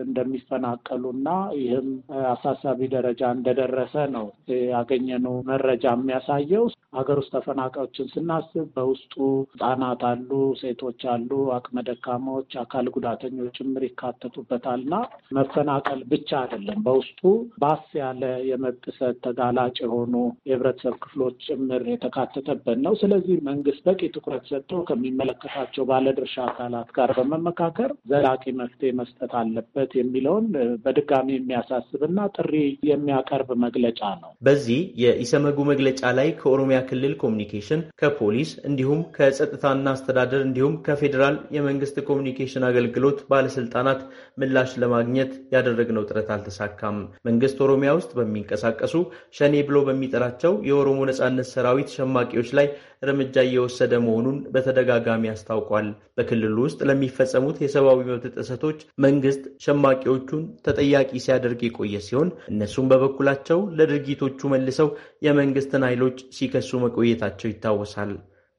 እንደሚፈናቀሉና ይህም አሳሳቢ ደረጃ እንደደረሰ ነው ያገኘነው መረጃ የሚያሳየው። ሀገር ውስጥ ተፈናቃዮችን ስናስብ በውስጡ ህጻናት አሉ፣ ሴቶች አሉ፣ አቅመ ደካማዎች፣ አካል ጉዳተኞች ጭምር ይካተቱበታል እና መፈናቀል ብቻ አይደለም በውስጡ ባስ ያለ የመጥሰት ተጋላጭ የሆኑ የህብረተሰብ ክፍሎች ጭምር የተካተተበት ነው። ስለዚህ መንግስት በቂ ትኩረት ሰጥቶ ከሚመለከታቸው ባለድርሻ አካላት ጋር በመመካከር ዘላቂ መፍትሄ መስጠት አለበት የሚለውን በድጋሚ የሚያሳስብና ጥሪ የሚያቀርብ መግለጫ ነው። በዚህ የኢሰመጉ መግለጫ ላይ ከኦሮሚያ ክልል ኮሚኒኬሽን፣ ከፖሊስ እንዲሁም ከጸጥታና አስተዳደር እንዲሁም ከፌዴራል የመንግስት ኮሚኒኬሽን አገልግሎት ባለስልጣናት ምላሽ ለማግኘት ያደረግነው ጥረት አልተሳካም። መንግስት ኦሮሚያ ውስጥ በሚንቀሳቀሱ ሸኔ ብሎ በሚጠራቸው የኦሮሞ ነጻነት ሰራዊት ሸማቂዎች ላይ እርምጃ እየወሰደ መሆኑን በተደጋጋሚ አስታውቋል። በክልሉ ውስጥ ለሚፈጸሙት የሰብአዊ መብት ጥሰቶች መንግስት ሸማቂዎቹን ተጠያቂ ሲያደርግ የቆየ ሲሆን እነሱም በበኩላቸው ለድርጊቶቹ መልሰው የመንግስትን ኃይሎች ሲከሱ መቆየታቸው ይታወሳል።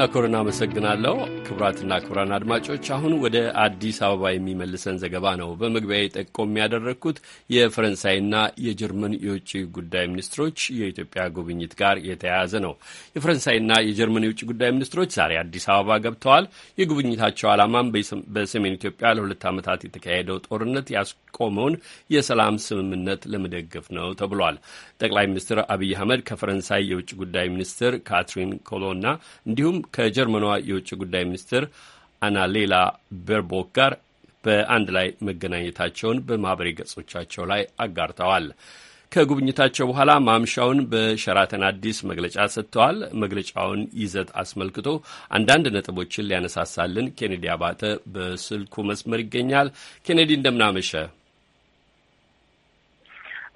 ናኮር እናመሰግናለሁ። ክቡራትና ክቡራን አድማጮች አሁን ወደ አዲስ አበባ የሚመልሰን ዘገባ ነው። በመግቢያ ጠቆም ያደረግኩት የፈረንሳይና የጀርመን የውጭ ጉዳይ ሚኒስትሮች የኢትዮጵያ ጉብኝት ጋር የተያያዘ ነው። የፈረንሳይና የጀርመን የውጭ ጉዳይ ሚኒስትሮች ዛሬ አዲስ አበባ ገብተዋል። የጉብኝታቸው ዓላማም በሰሜን ኢትዮጵያ ለሁለት ዓመታት የተካሄደው ጦርነት ያስቆመውን የሰላም ስምምነት ለመደገፍ ነው ተብሏል። ጠቅላይ ሚኒስትር አብይ አህመድ ከፈረንሳይ የውጭ ጉዳይ ሚኒስትር ካትሪን ኮሎና እንዲሁም ከጀርመኗ የውጭ ጉዳይ ሚኒስትር አናሌላ ቤርቦክ ጋር በአንድ ላይ መገናኘታቸውን በማህበሬ ገጾቻቸው ላይ አጋርተዋል። ከጉብኝታቸው በኋላ ማምሻውን በሸራተን አዲስ መግለጫ ሰጥተዋል። መግለጫውን ይዘት አስመልክቶ አንዳንድ ነጥቦችን ሊያነሳሳልን ኬኔዲ አባተ በስልኩ መስመር ይገኛል። ኬኔዲ እንደምናመሸ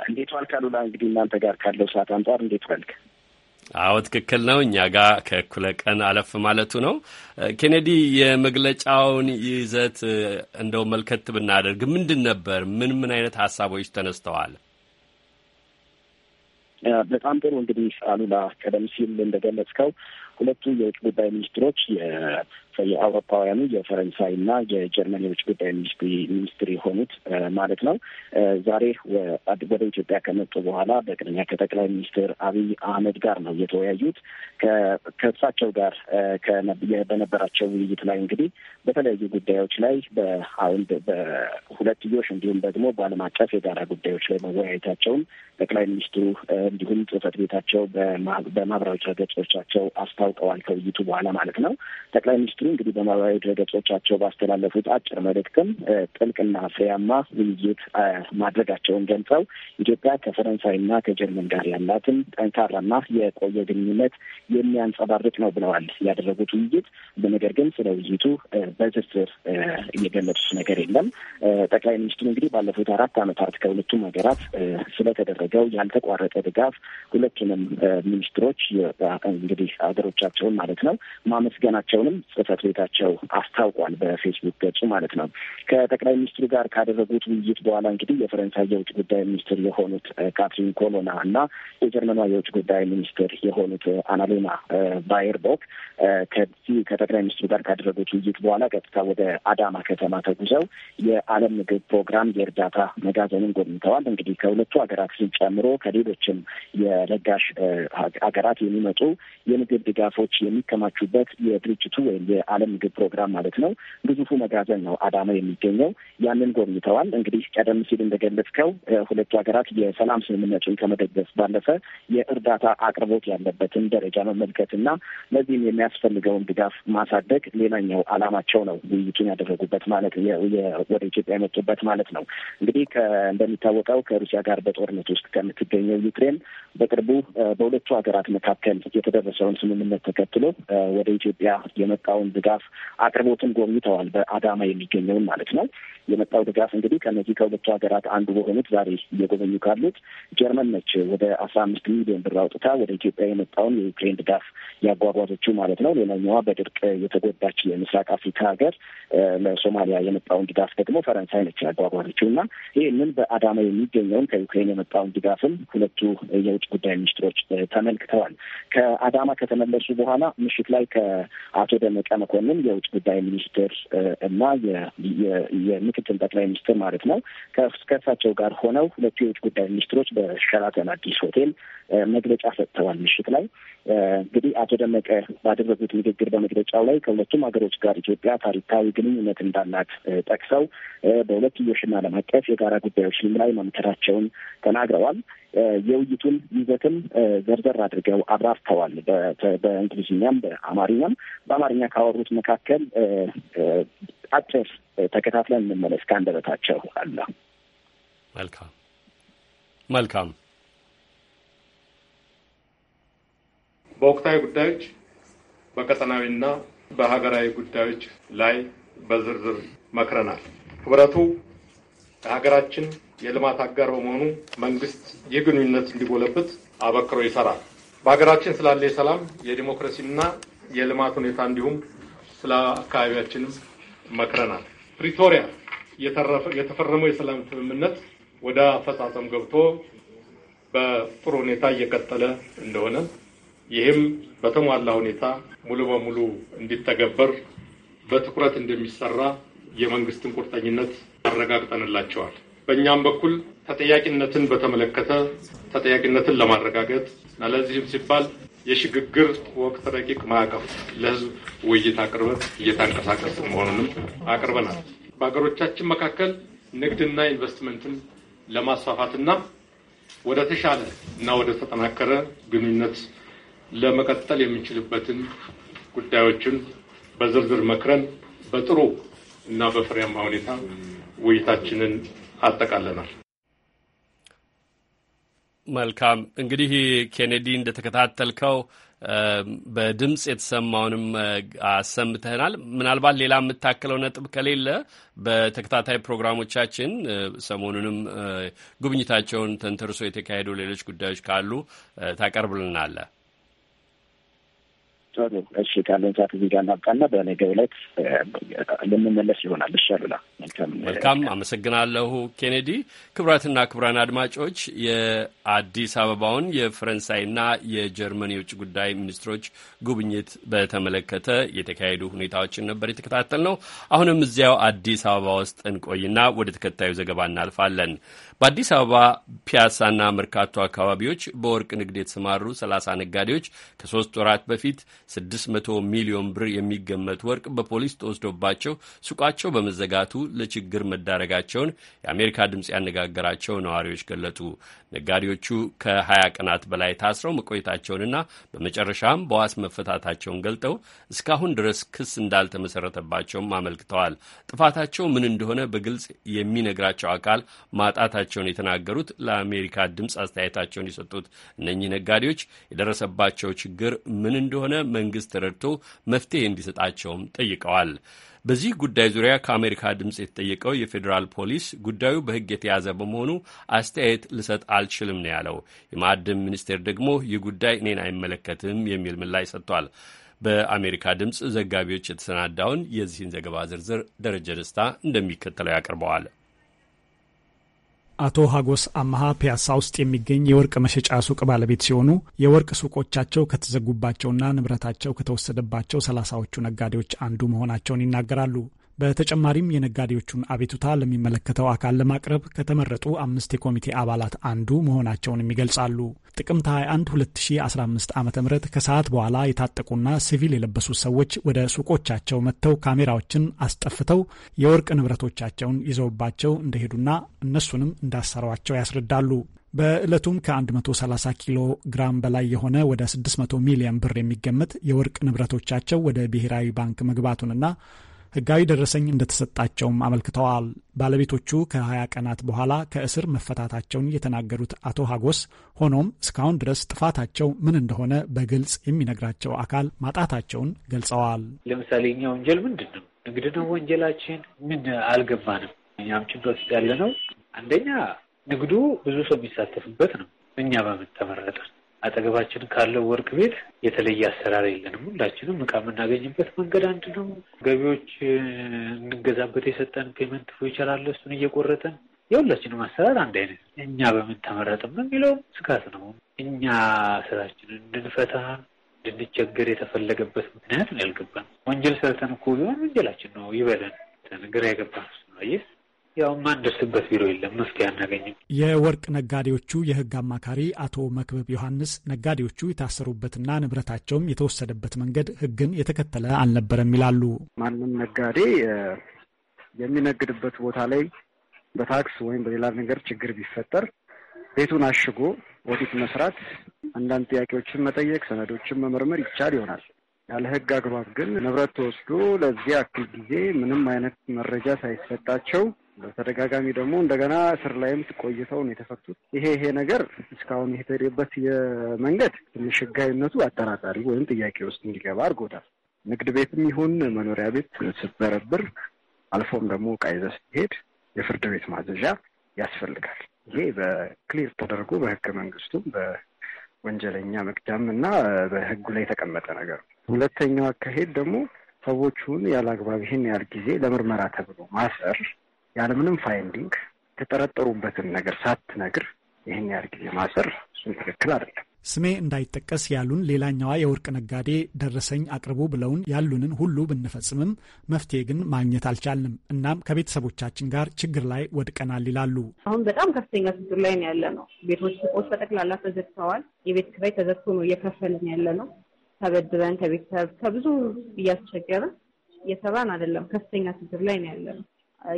እንዴት ዋልክ? አሉላ እንግዲህ እናንተ ጋር ካለው ሰዓት አንጻር እንዴት ዋልክ? አዎ ትክክል ነው። እኛ ጋር ከእኩለ ቀን አለፍ ማለቱ ነው። ኬኔዲ የመግለጫውን ይዘት እንደው መልከት ብናደርግ ምንድን ነበር? ምን ምን አይነት ሀሳቦች ተነስተዋል? በጣም ጥሩ እንግዲህ አሉላ፣ ቀደም ሲል እንደገለጽከው ሁለቱ የውጭ ጉዳይ ሚኒስትሮች የአውሮፓውያኑ የፈረንሳይና የጀርመን የውጭ ጉዳይ ሚኒስትር የሆኑት ማለት ነው ዛሬ ወደ ኢትዮጵያ ከመጡ በኋላ በቅድሚያ ከጠቅላይ ሚኒስትር አብይ አህመድ ጋር ነው የተወያዩት። ከእሳቸው ጋር በነበራቸው ውይይት ላይ እንግዲህ በተለያዩ ጉዳዮች ላይ በአሁን በሁለትዮሽ እንዲሁም ደግሞ በዓለም አቀፍ የጋራ ጉዳዮች ላይ መወያየታቸውን ጠቅላይ ሚኒስትሩ እንዲሁም ጽህፈት ቤታቸው በማህበራዊ ድረገጾቻቸው አስታውቀዋል። ከውይይቱ በኋላ ማለት ነው ጠቅላይ ሚኒስትሩ እንግዲህ በማህበራዊ ድረገጾቻቸው ባስተላለፉት አጭር መልእክትም ጥልቅና ፍሬያማ ውይይት ማድረጋቸውን ገልጸው ኢትዮጵያ ከፈረንሳይና ከጀርመን ጋር ያላትን ጠንካራና የቆየ ግንኙነት የሚያንጸባርቅ ነው ብለዋል ያደረጉት ውይይት። በነገር ግን ስለ ውይይቱ በዝርዝር እየገለጹት ነገር የለም። ጠቅላይ ሚኒስትሩ እንግዲህ ባለፉት አራት ዓመታት ከሁለቱም ሀገራት ስለተደረገው ያልተቋረጠ ድጋፍ ሁለቱንም ሚኒስትሮች እንግዲህ ሀገሮቻቸውን ማለት ነው ማመስገናቸውንም ጽፈ ጽህፈት ቤታቸው አስታውቋል። በፌስቡክ ገጹ ማለት ነው። ከጠቅላይ ሚኒስትሩ ጋር ካደረጉት ውይይት በኋላ እንግዲህ የፈረንሳይ የውጭ ጉዳይ ሚኒስትር የሆኑት ካትሪን ኮሎና እና የጀርመኗ የውጭ ጉዳይ ሚኒስትር የሆኑት አናሌና ባየርቦክ ከዚህ ከጠቅላይ ሚኒስትሩ ጋር ካደረጉት ውይይት በኋላ ቀጥታ ወደ አዳማ ከተማ ተጉዘው የዓለም ምግብ ፕሮግራም የእርዳታ መጋዘንን ጎብኝተዋል። እንግዲህ ከሁለቱ ሀገራትን ጨምሮ ከሌሎችም የለጋሽ ሀገራት የሚመጡ የምግብ ድጋፎች የሚከማቹበት የድርጅቱ ወይም የዓለም ምግብ ፕሮግራም ማለት ነው። ግዙፉ መጋዘን ነው አዳማ የሚገኘው። ያንን ጎብኝተዋል። እንግዲህ ቀደም ሲል እንደገለጽከው ሁለቱ ሀገራት የሰላም ስምምነቱን ከመደገፍ ባለፈ የእርዳታ አቅርቦት ያለበትን ደረጃ መመልከትና ለዚህም የሚያስፈልገውን ድጋፍ ማሳደግ ሌላኛው ዓላማቸው ነው። ውይይቱን ያደረጉበት ማለት ወደ ኢትዮጵያ የመጡበት ማለት ነው። እንግዲህ እንደሚታወቀው ከሩሲያ ጋር በጦርነት ውስጥ ከምትገኘው ዩክሬን በቅርቡ በሁለቱ ሀገራት መካከል የተደረሰውን ስምምነት ተከትሎ ወደ ኢትዮጵያ የመጣውን ድጋፍ አቅርቦትን ጎብኝተዋል። በአዳማ የሚገኘውን ማለት ነው። የመጣው ድጋፍ እንግዲህ ከነዚህ ከሁለቱ ሀገራት አንዱ በሆኑት ዛሬ እየጎበኙ ካሉት ጀርመን ነች። ወደ አስራ አምስት ሚሊዮን ብር አውጥታ ወደ ኢትዮጵያ የመጣውን የዩክሬን ድጋፍ ያጓጓዘችው ማለት ነው። ሌላኛዋ በድርቅ የተጎዳች የምስራቅ አፍሪካ ሀገር ለሶማሊያ የመጣውን ድጋፍ ደግሞ ፈረንሳይ ነች ያጓጓዘችው እና ይህንን በአዳማ የሚገኘውን ከዩክሬን የመጣውን ድጋፍም ሁለቱ የውጭ ጉዳይ ሚኒስትሮች ተመልክተዋል። ከአዳማ ከተመለሱ በኋላ ምሽት ላይ ከአቶ ደመቀ መኮንን የውጭ ጉዳይ ሚኒስትር እና የምክትል ጠቅላይ ሚኒስትር ማለት ነው ከእሳቸው ጋር ሆነው ሁለቱ የውጭ ጉዳይ ሚኒስትሮች በሸራተን አዲስ ሆቴል መግለጫ ሰጥተዋል ምሽት ላይ እንግዲህ አቶ ደመቀ ባደረጉት ንግግር በመግለጫው ላይ ከሁለቱም ሀገሮች ጋር ኢትዮጵያ ታሪካዊ ግንኙነት እንዳላት ጠቅሰው በሁለትዮሽና ዓለም አቀፍ የጋራ ጉዳዮች ላይ መምከራቸውን ተናግረዋል። የውይይቱን ይዘትም ዘርዘር አድርገው አብራርተዋል። በእንግሊዝኛም በአማርኛም። በአማርኛ ካወሩት መካከል አጭር ተከታትለን እንመለስ ከአንደበታቸው አለ። መልካም መልካም በወቅታዊ ጉዳዮች በቀጠናዊና በሀገራዊ ጉዳዮች ላይ በዝርዝር መክረናል። ህብረቱ የሀገራችን የልማት አጋር በመሆኑ መንግስት ይህ ግንኙነት እንዲጎለብት አበክሮ ይሰራል። በሀገራችን ስላለ የሰላም የዲሞክራሲና የልማት ሁኔታ እንዲሁም ስለ አካባቢያችንም መክረናል። ፕሪቶሪያ የተፈረመው የሰላም ስምምነት ወደ አፈጻጸም ገብቶ በጥሩ ሁኔታ እየቀጠለ እንደሆነ ይህም በተሟላ ሁኔታ ሙሉ በሙሉ እንዲተገበር በትኩረት እንደሚሰራ የመንግስትን ቁርጠኝነት አረጋግጠንላቸዋል። በእኛም በኩል ተጠያቂነትን በተመለከተ ተጠያቂነትን ለማረጋገጥ እና ለዚህም ሲባል የሽግግር ወቅት ረቂቅ ማዕቀፍ ለህዝብ ውይይት አቅርበን እየተንቀሳቀስ መሆኑንም አቅርበናል። በሀገሮቻችን መካከል ንግድና ኢንቨስትመንትን ለማስፋፋትና ወደ ተሻለ እና ወደ ተጠናከረ ግንኙነት ለመቀጠል የምንችልበትን ጉዳዮችን በዝርዝር መክረን በጥሩ እና በፍሬያማ ሁኔታ ውይይታችንን አጠቃለናል። መልካም እንግዲህ ኬኔዲ እንደተከታተልከው በድምፅ የተሰማውንም አሰምተናል። ምናልባት ሌላ የምታክለው ነጥብ ከሌለ በተከታታይ ፕሮግራሞቻችን ሰሞኑንም ጉብኝታቸውን ተንተርሶ የተካሄዱ ሌሎች ጉዳዮች ካሉ ታቀርብልናለህ። ጥሩ እሺ፣ ካለን ሰዓት እዚህ ጋር እናብቃና በነገ ዕለት ልንመለስ ይሆናል። እሺ አሉላ፣ መልካም አመሰግናለሁ ኬኔዲ። ክቡራትና ክቡራን አድማጮች የአዲስ አበባውን የፈረንሳይና የጀርመን የውጭ ጉዳይ ሚኒስትሮች ጉብኝት በተመለከተ የተካሄዱ ሁኔታዎችን ነበር የተከታተል ነው። አሁንም እዚያው አዲስ አበባ ውስጥ እንቆይና ወደ ተከታዩ ዘገባ እናልፋለን። በአዲስ አበባ ፒያሳና መርካቶ አካባቢዎች በወርቅ ንግድ የተሰማሩ 30 ነጋዴዎች ከሶስት ወራት በፊት 600 ሚሊዮን ብር የሚገመት ወርቅ በፖሊስ ተወስዶባቸው ሱቃቸው በመዘጋቱ ለችግር መዳረጋቸውን የአሜሪካ ድምፅ ያነጋገራቸው ነዋሪዎች ገለጡ። ነጋዴዎቹ ከ20 ቀናት በላይ ታስረው መቆየታቸውንና በመጨረሻም በዋስ መፈታታቸውን ገልጠው እስካሁን ድረስ ክስ እንዳልተመሰረተባቸውም አመልክተዋል። ጥፋታቸው ምን እንደሆነ በግልጽ የሚነግራቸው አካል ማጣታቸው መሆናቸውን የተናገሩት ለአሜሪካ ድምፅ አስተያየታቸውን የሰጡት እነኚህ ነጋዴዎች የደረሰባቸው ችግር ምን እንደሆነ መንግስት ተረድቶ መፍትሄ እንዲሰጣቸውም ጠይቀዋል። በዚህ ጉዳይ ዙሪያ ከአሜሪካ ድምፅ የተጠየቀው የፌዴራል ፖሊስ ጉዳዩ በሕግ የተያዘ በመሆኑ አስተያየት ልሰጥ አልችልም ነው ያለው። የማዕድን ሚኒስቴር ደግሞ ይህ ጉዳይ እኔን አይመለከትም የሚል ምላሽ ሰጥቷል። በአሜሪካ ድምፅ ዘጋቢዎች የተሰናዳውን የዚህን ዘገባ ዝርዝር ደረጀ ደስታ እንደሚከተለው ያቀርበዋል። አቶ ሀጎስ አመሀ ፒያሳ ውስጥ የሚገኝ የወርቅ መሸጫ ሱቅ ባለቤት ሲሆኑ የወርቅ ሱቆቻቸው ከተዘጉባቸውና ንብረታቸው ከተወሰደባቸው ሰላሳዎቹ ነጋዴዎች አንዱ መሆናቸውን ይናገራሉ። በተጨማሪም የነጋዴዎቹን አቤቱታ ለሚመለከተው አካል ለማቅረብ ከተመረጡ አምስት የኮሚቴ አባላት አንዱ መሆናቸውንም ይገልጻሉ። ጥቅምት 21 2015 ዓ ም ከሰዓት በኋላ የታጠቁና ሲቪል የለበሱ ሰዎች ወደ ሱቆቻቸው መጥተው ካሜራዎችን አስጠፍተው የወርቅ ንብረቶቻቸውን ይዘውባቸው እንደሄዱና እነሱንም እንዳሰሯቸው ያስረዳሉ። በዕለቱም ከ130 ኪሎ ግራም በላይ የሆነ ወደ 600 ሚሊዮን ብር የሚገመት የወርቅ ንብረቶቻቸው ወደ ብሔራዊ ባንክ መግባቱንና ህጋዊ ደረሰኝ እንደተሰጣቸውም አመልክተዋል። ባለቤቶቹ ከ20 ቀናት በኋላ ከእስር መፈታታቸውን የተናገሩት አቶ ሀጎስ ሆኖም እስካሁን ድረስ ጥፋታቸው ምን እንደሆነ በግልጽ የሚነግራቸው አካል ማጣታቸውን ገልጸዋል። ለምሳሌ እኛ ወንጀል ምንድን ነው እንግዲህ ነው ወንጀላችን ምን አልገባንም። እኛም ችግር ውስጥ ያለ ነው። አንደኛ ንግዱ ብዙ ሰው የሚሳተፍበት ነው። እኛ በምን ተመረጠን? አጠገባችን ካለው ወርቅ ቤት የተለየ አሰራር የለንም። ሁላችንም እቃ የምናገኝበት መንገድ አንድ ነው። ገቢዎች እንገዛበት የሰጠን ፔመንት ቮቸር አለ። እሱን እየቆረጠን የሁላችንም አሰራር አንድ አይነት እኛ በምን ተመረጥም የሚለው ስጋት ነው። እኛ ስራችንን እንድንፈታ እንድንቸገር የተፈለገበት ምክንያት ነው ያልገባን። ወንጀል ሰርተን እኮ ቢሆን ወንጀላችን ነው ይበለን። ግራ የገባ ነው ያው ማንደርስበት ቢሮ የለም፣ መፍትሄ አናገኝም። የወርቅ ነጋዴዎቹ የህግ አማካሪ አቶ መክበብ ዮሐንስ ነጋዴዎቹ የታሰሩበትና ንብረታቸውም የተወሰደበት መንገድ ህግን የተከተለ አልነበረም ይላሉ። ማንም ነጋዴ የሚነግድበት ቦታ ላይ በታክስ ወይም በሌላ ነገር ችግር ቢፈጠር ቤቱን አሽጎ ኦዲት መስራት፣ አንዳንድ ጥያቄዎችን መጠየቅ፣ ሰነዶችን መመርመር ይቻል ይሆናል። ያለ ህግ አግባብ ግን ንብረት ተወስዶ ለዚህ አክል ጊዜ ምንም አይነት መረጃ ሳይሰጣቸው በተደጋጋሚ ደግሞ እንደገና እስር ላይም ቆይተው ነው የተፈቱት። ይሄ ይሄ ነገር እስካሁን የተሄደበት የመንገድ ትንሽ አጠራጣሪ ወይም ጥያቄ ውስጥ እንዲገባ አድርጎታል። ንግድ ቤትም ይሁን መኖሪያ ቤት ስትበረብር፣ አልፎም ደግሞ ዕቃ ይዘህ ስትሄድ የፍርድ ቤት ማዘዣ ያስፈልጋል። ይሄ በክሊር ተደርጎ በህገ መንግስቱም በወንጀለኛ መቅጫም እና በህጉ ላይ የተቀመጠ ነገር ነው። ሁለተኛው አካሄድ ደግሞ ሰዎቹን ያለ አግባብ ይህን ያህል ጊዜ ለምርመራ ተብሎ ማሰር ያለምንም ፋይንዲንግ የተጠረጠሩበትን ነገር ሳትነግር ይህን ያህል ጊዜ ማሰር እሱን ትክክል አይደለም። ስሜ እንዳይጠቀስ ያሉን ሌላኛዋ የወርቅ ነጋዴ ደረሰኝ አቅርቡ ብለውን ያሉንን ሁሉ ብንፈጽምም መፍትሄ ግን ማግኘት አልቻልንም። እናም ከቤተሰቦቻችን ጋር ችግር ላይ ወድቀናል ይላሉ። አሁን በጣም ከፍተኛ ችግር ላይ ነው ያለ ነው። ቤቶች፣ ሱቆች በጠቅላላ ተዘግተዋል። የቤት ክራይ ተዘግቶ ነው እየከፈልን ያለ ነው። ተበድበን ከቤተሰብ ከብዙ እያስቸገረን እየሰራን አይደለም። ከፍተኛ ችግር ላይ ነው ያለ ነው።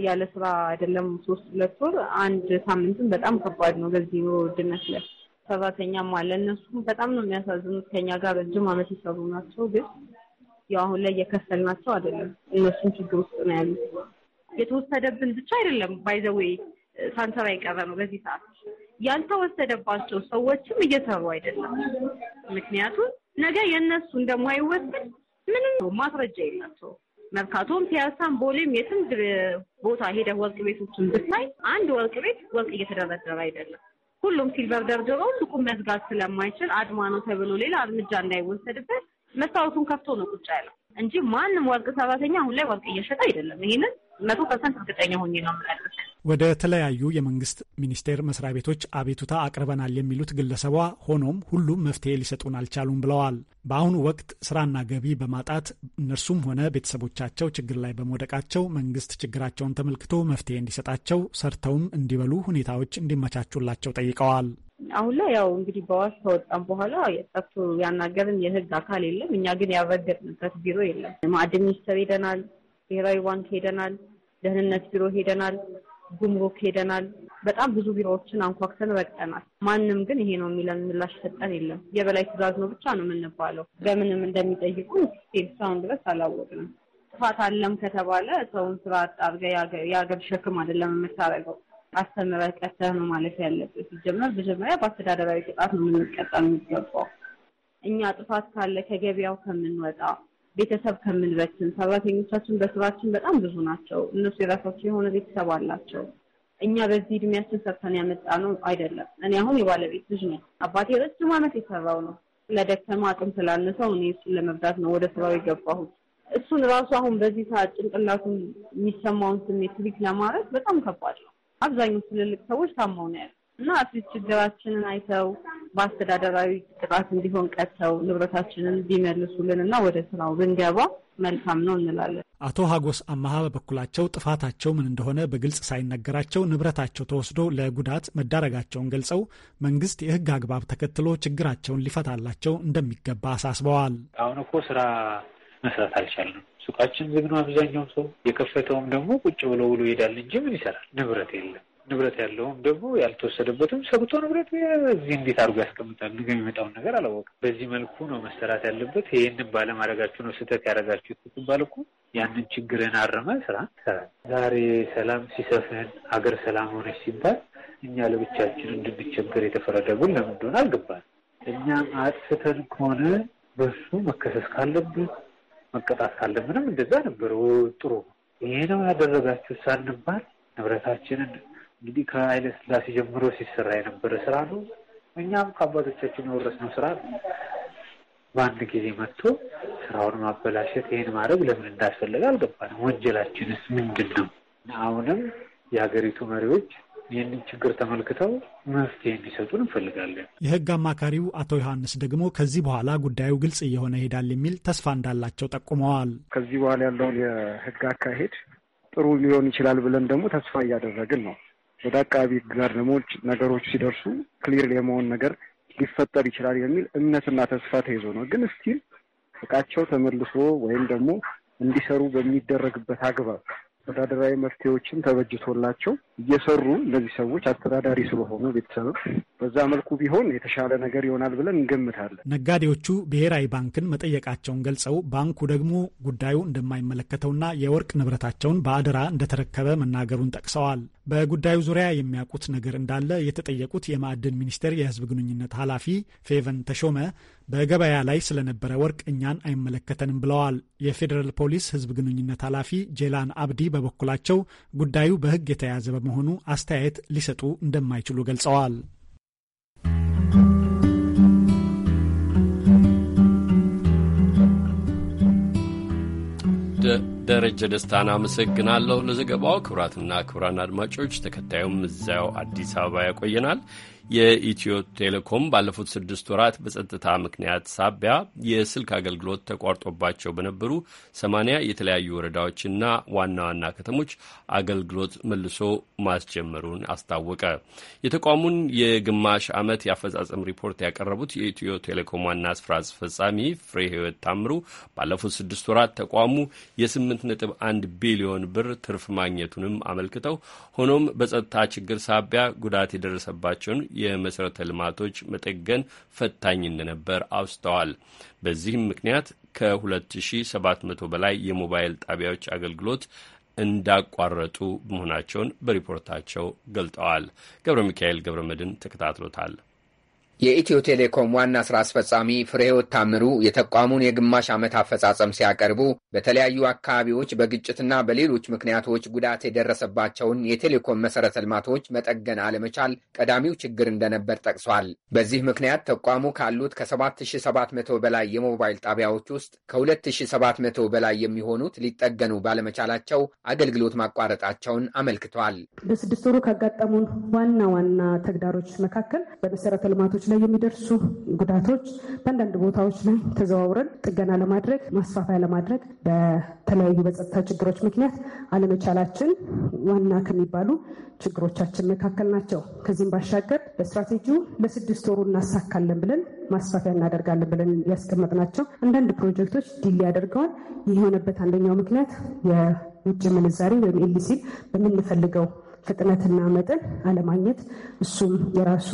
ያለ ስራ አይደለም ሶስት ሁለት ወር አንድ ሳምንትም በጣም ከባድ ነው። በዚህ ኑሮ ውድነት ላይ ሰራተኛም አለ። እነሱም በጣም ነው የሚያሳዝኑት። ከኛ ጋር ረጅም አመት የሰሩ ናቸው። ግን ያው አሁን ላይ ናቸው አይደለም። እነሱም ችግር ውስጥ ነው ያሉት። የተወሰደብን ብቻ አይደለም ባይዘዌ ሳንሰራ የቀረ ነው በዚህ ሰዓት ያልተወሰደባቸው ሰዎችም እየሰሩ አይደለም። ምክንያቱም ነገ የእነሱ እንደማይወሰድ ምንም ማስረጃ የላቸውም። መርካቶም፣ ፒያሳም፣ ቦሌም የትም ቦታ ሄደ ወርቅ ቤቶችን ብታይ አንድ ወርቅ ቤት ወርቅ እየተደረደረ አይደለም። ሁሉም ሲልቨር ደርድሮ ሱቁን መዝጋት ስለማይችል አድማ ነው ተብሎ ሌላ እርምጃ እንዳይወሰድበት መስታወቱን ከፍቶ ነው ቁጭ ያለው። እንጂ ማንም ወርቅ ሰራተኛ አሁን ላይ ወርቅ እየሸጠ አይደለም። ይህንን መቶ ፐርሰንት እርግጠኛ ሆኜ ነው የምነግርሽ። ወደ ተለያዩ የመንግስት ሚኒስቴር መስሪያ ቤቶች አቤቱታ አቅርበናል የሚሉት ግለሰቧ፣ ሆኖም ሁሉም መፍትሄ ሊሰጡን አልቻሉም ብለዋል። በአሁኑ ወቅት ስራና ገቢ በማጣት እነርሱም ሆነ ቤተሰቦቻቸው ችግር ላይ በመውደቃቸው መንግስት ችግራቸውን ተመልክቶ መፍትሄ እንዲሰጣቸው፣ ሰርተውም እንዲበሉ ሁኔታዎች እንዲመቻቹላቸው ጠይቀዋል። አሁን ላይ ያው እንግዲህ በዋስ ከወጣም በኋላ የጠፍቶ ያናገርን የህግ አካል የለም። እኛ ግን ያረገጥንበት ቢሮ የለም። ማዕድን ሚኒስቴር ሄደናል፣ ብሔራዊ ባንክ ሄደናል፣ ደህንነት ቢሮ ሄደናል፣ ጉምሩክ ሄደናል። በጣም ብዙ ቢሮዎችን አንኳክተን ረግጠናል። ማንም ግን ይሄ ነው የሚለን ምላሽ ሰጠን የለም። የበላይ ትዕዛዝ ነው ብቻ ነው የምንባለው። በምንም እንደሚጠይቁ እስካሁን ድረስ አላወቅንም። ጥፋት አለም ከተባለ ሰውን ስራ አጣርገ የሀገር ሸክም አይደለም የምታደርገው አስተምረህ ቀጥተህ ነው ማለት ያለብህ። ሲጀመር መጀመሪያ በአስተዳደራዊ ቅጣት ነው የምንቀጣ የሚገባው። እኛ ጥፋት ካለ ከገበያው ከምንወጣ ቤተሰብ ከምንበትን፣ ሰራተኞቻችን በስራችን በጣም ብዙ ናቸው። እነሱ የራሳቸው የሆነ ቤተሰብ አላቸው። እኛ በዚህ እድሜያችን ሰርተን ያመጣ ነው አይደለም። እኔ አሁን የባለቤት ልጅ ነኝ። አባቴ ረጅም ዓመት የሰራው ነው። ስለደከመ አቅም ስላነሰው እኔ እሱን ለመርዳት ነው ወደ ስራው የገባሁት። እሱን ራሱ አሁን በዚህ ሰዓት ጭንቅላቱ የሚሰማውን ስሜት ሊክ ለማድረግ በጣም ከባድ ነው። አብዛኞቹ ትልልቅ ሰዎች ታመው ነው ያሉ እና አትሊስት ችግራችንን አይተው በአስተዳደራዊ ጥቃት እንዲሆን ቀጥተው ንብረታችንን ቢመልሱልን እና ወደ ስራው ብንገባ መልካም ነው እንላለን። አቶ ሀጎስ አመሀ በበኩላቸው ጥፋታቸው ምን እንደሆነ በግልጽ ሳይነገራቸው ንብረታቸው ተወስዶ ለጉዳት መዳረጋቸውን ገልጸው መንግስት የህግ አግባብ ተከትሎ ችግራቸውን ሊፈታላቸው እንደሚገባ አሳስበዋል። አሁን እኮ ስራ መስራት አልቻልንም። ሱቃችን ዝግ ነው። ሰው የከፈተውም ደግሞ ቁጭ ብሎ ውሎ ይሄዳል እንጂ ምን ይሰራል? ንብረት የለም። ንብረት ያለውም ደግሞ ያልተወሰደበትም ሰግቶ ንብረት እዚህ እንዴት አድርጎ ያስቀምጣል? ነገ የሚመጣውን ነገር አላወቅም። በዚህ መልኩ ነው መሰራት ያለበት። ይህንን ባለማድረጋችሁ ነው ስህተት ያደረጋችሁ ስትባል እኮ ያንን ችግርን አረመ ስራ ይሰራል። ዛሬ ሰላም ሲሰፍን ሀገር ሰላም ሆነች ሲባል እኛ ለብቻችን እንድንቸገር የተፈረደብን ለምን እንደሆነ አልገባንም። እኛም አጥፍተን ከሆነ በሱ መከሰስ ካለብን መቀጣት ካለብንም እንደዛ ነበር። ጥሩ ይሄ ነው ያደረጋችሁ ሳንባል ንብረታችንን እንግዲህ ከኃይለ ሥላሴ ጀምሮ ሲሰራ የነበረ ስራ ነው። እኛም ከአባቶቻችን የወረስነው ስራ በአንድ ጊዜ መጥቶ ስራውን ማበላሸት፣ ይህን ማድረግ ለምን እንዳስፈለገ አልገባንም። ወንጀላችንስ ምንድን ነው? አሁንም የሀገሪቱ መሪዎች ይህንን ችግር ተመልክተው መፍትሄ እንዲሰጡን እንፈልጋለን። የህግ አማካሪው አቶ ዮሐንስ ደግሞ ከዚህ በኋላ ጉዳዩ ግልጽ እየሆነ ይሄዳል የሚል ተስፋ እንዳላቸው ጠቁመዋል። ከዚህ በኋላ ያለውን የህግ አካሄድ ጥሩ ሊሆን ይችላል ብለን ደግሞ ተስፋ እያደረግን ነው። ወደ አቃቢ ጋር ደግሞ ነገሮች ሲደርሱ ክሊር የመሆን ነገር ሊፈጠር ይችላል የሚል እምነትና ተስፋ ተይዞ ነው። ግን እስቲል እቃቸው ተመልሶ ወይም ደግሞ እንዲሰሩ በሚደረግበት አግባብ አስተዳደራዊ መፍትሄዎችን ተበጅቶላቸው እየሰሩ እነዚህ ሰዎች አስተዳዳሪ ስለሆኑ ቤተሰብ በዛ መልኩ ቢሆን የተሻለ ነገር ይሆናል ብለን እንገምታለን። ነጋዴዎቹ ብሔራዊ ባንክን መጠየቃቸውን ገልጸው ባንኩ ደግሞ ጉዳዩ እንደማይመለከተውና የወርቅ ንብረታቸውን በአደራ እንደተረከበ መናገሩን ጠቅሰዋል። በጉዳዩ ዙሪያ የሚያውቁት ነገር እንዳለ የተጠየቁት የማዕድን ሚኒስቴር የሕዝብ ግንኙነት ኃላፊ ፌቨን ተሾመ በገበያ ላይ ስለነበረ ወርቅ እኛን አይመለከተንም ብለዋል። የፌዴራል ፖሊስ ሕዝብ ግንኙነት ኃላፊ ጄላን አብዲ በበኩላቸው ጉዳዩ በሕግ የተያዘ በመሆኑ አስተያየት ሊሰጡ እንደማይችሉ ገልጸዋል። ደረጀ ደስታን አመሰግናለሁ ለዘገባው። ክቡራትና ክቡራን አድማጮች ተከታዩም እዚያው አዲስ አበባ ያቆየናል። የኢትዮ ቴሌኮም ባለፉት ስድስት ወራት በጸጥታ ምክንያት ሳቢያ የስልክ አገልግሎት ተቋርጦባቸው በነበሩ ሰማኒያ የተለያዩ ወረዳዎችና ዋና ዋና ከተሞች አገልግሎት መልሶ ማስጀመሩን አስታወቀ። የተቋሙን የግማሽ ዓመት የአፈጻጸም ሪፖርት ያቀረቡት የኢትዮ ቴሌኮም ዋና ስራ አስፈጻሚ ፍሬ ህይወት ታምሩ ባለፉት ስድስት ወራት ተቋሙ የስምንት ነጥብ አንድ ቢሊዮን ብር ትርፍ ማግኘቱንም አመልክተው ሆኖም በጸጥታ ችግር ሳቢያ ጉዳት የደረሰባቸውን የመሠረተ ልማቶች መጠገን ፈታኝ እንደነበር አውስተዋል። በዚህም ምክንያት ከ2700 በላይ የሞባይል ጣቢያዎች አገልግሎት እንዳቋረጡ መሆናቸውን በሪፖርታቸው ገልጠዋል። ገብረ ሚካኤል ገብረ መድን ተከታትሎታል። የኢትዮ ቴሌኮም ዋና ስራ አስፈጻሚ ፍሬህይወት ታምሩ የተቋሙን የግማሽ ዓመት አፈጻጸም ሲያቀርቡ በተለያዩ አካባቢዎች በግጭትና በሌሎች ምክንያቶች ጉዳት የደረሰባቸውን የቴሌኮም መሠረተ ልማቶች መጠገን አለመቻል ቀዳሚው ችግር እንደነበር ጠቅሷል። በዚህ ምክንያት ተቋሙ ካሉት ከ7700 በላይ የሞባይል ጣቢያዎች ውስጥ ከ2700 በላይ የሚሆኑት ሊጠገኑ ባለመቻላቸው አገልግሎት ማቋረጣቸውን አመልክቷል። በስድስት ወሩ ካጋጠሙን ዋና ዋና ተግዳሮች መካከል በመሠረተ ልማቶች ላይ የሚደርሱ ጉዳቶች በአንዳንድ ቦታዎች ላይ ተዘዋውረን ጥገና ለማድረግ ማስፋፋያ ለማድረግ በተለያዩ በጸጥታ ችግሮች ምክንያት አለመቻላችን ዋና ከሚባሉ ችግሮቻችን መካከል ናቸው። ከዚህም ባሻገር በስትራቴጂው ለስድስት ወሩ እናሳካለን ብለን ማስፋፊያ እናደርጋለን ብለን ያስቀመጥናቸው አንዳንድ ፕሮጀክቶች ዲል ያደርገዋል። ይህ የሆነበት አንደኛው ምክንያት የውጭ ምንዛሬ ወይም ኤልሲል በምንፈልገው ፍጥነትና መጠን አለማግኘት እሱም የራሱ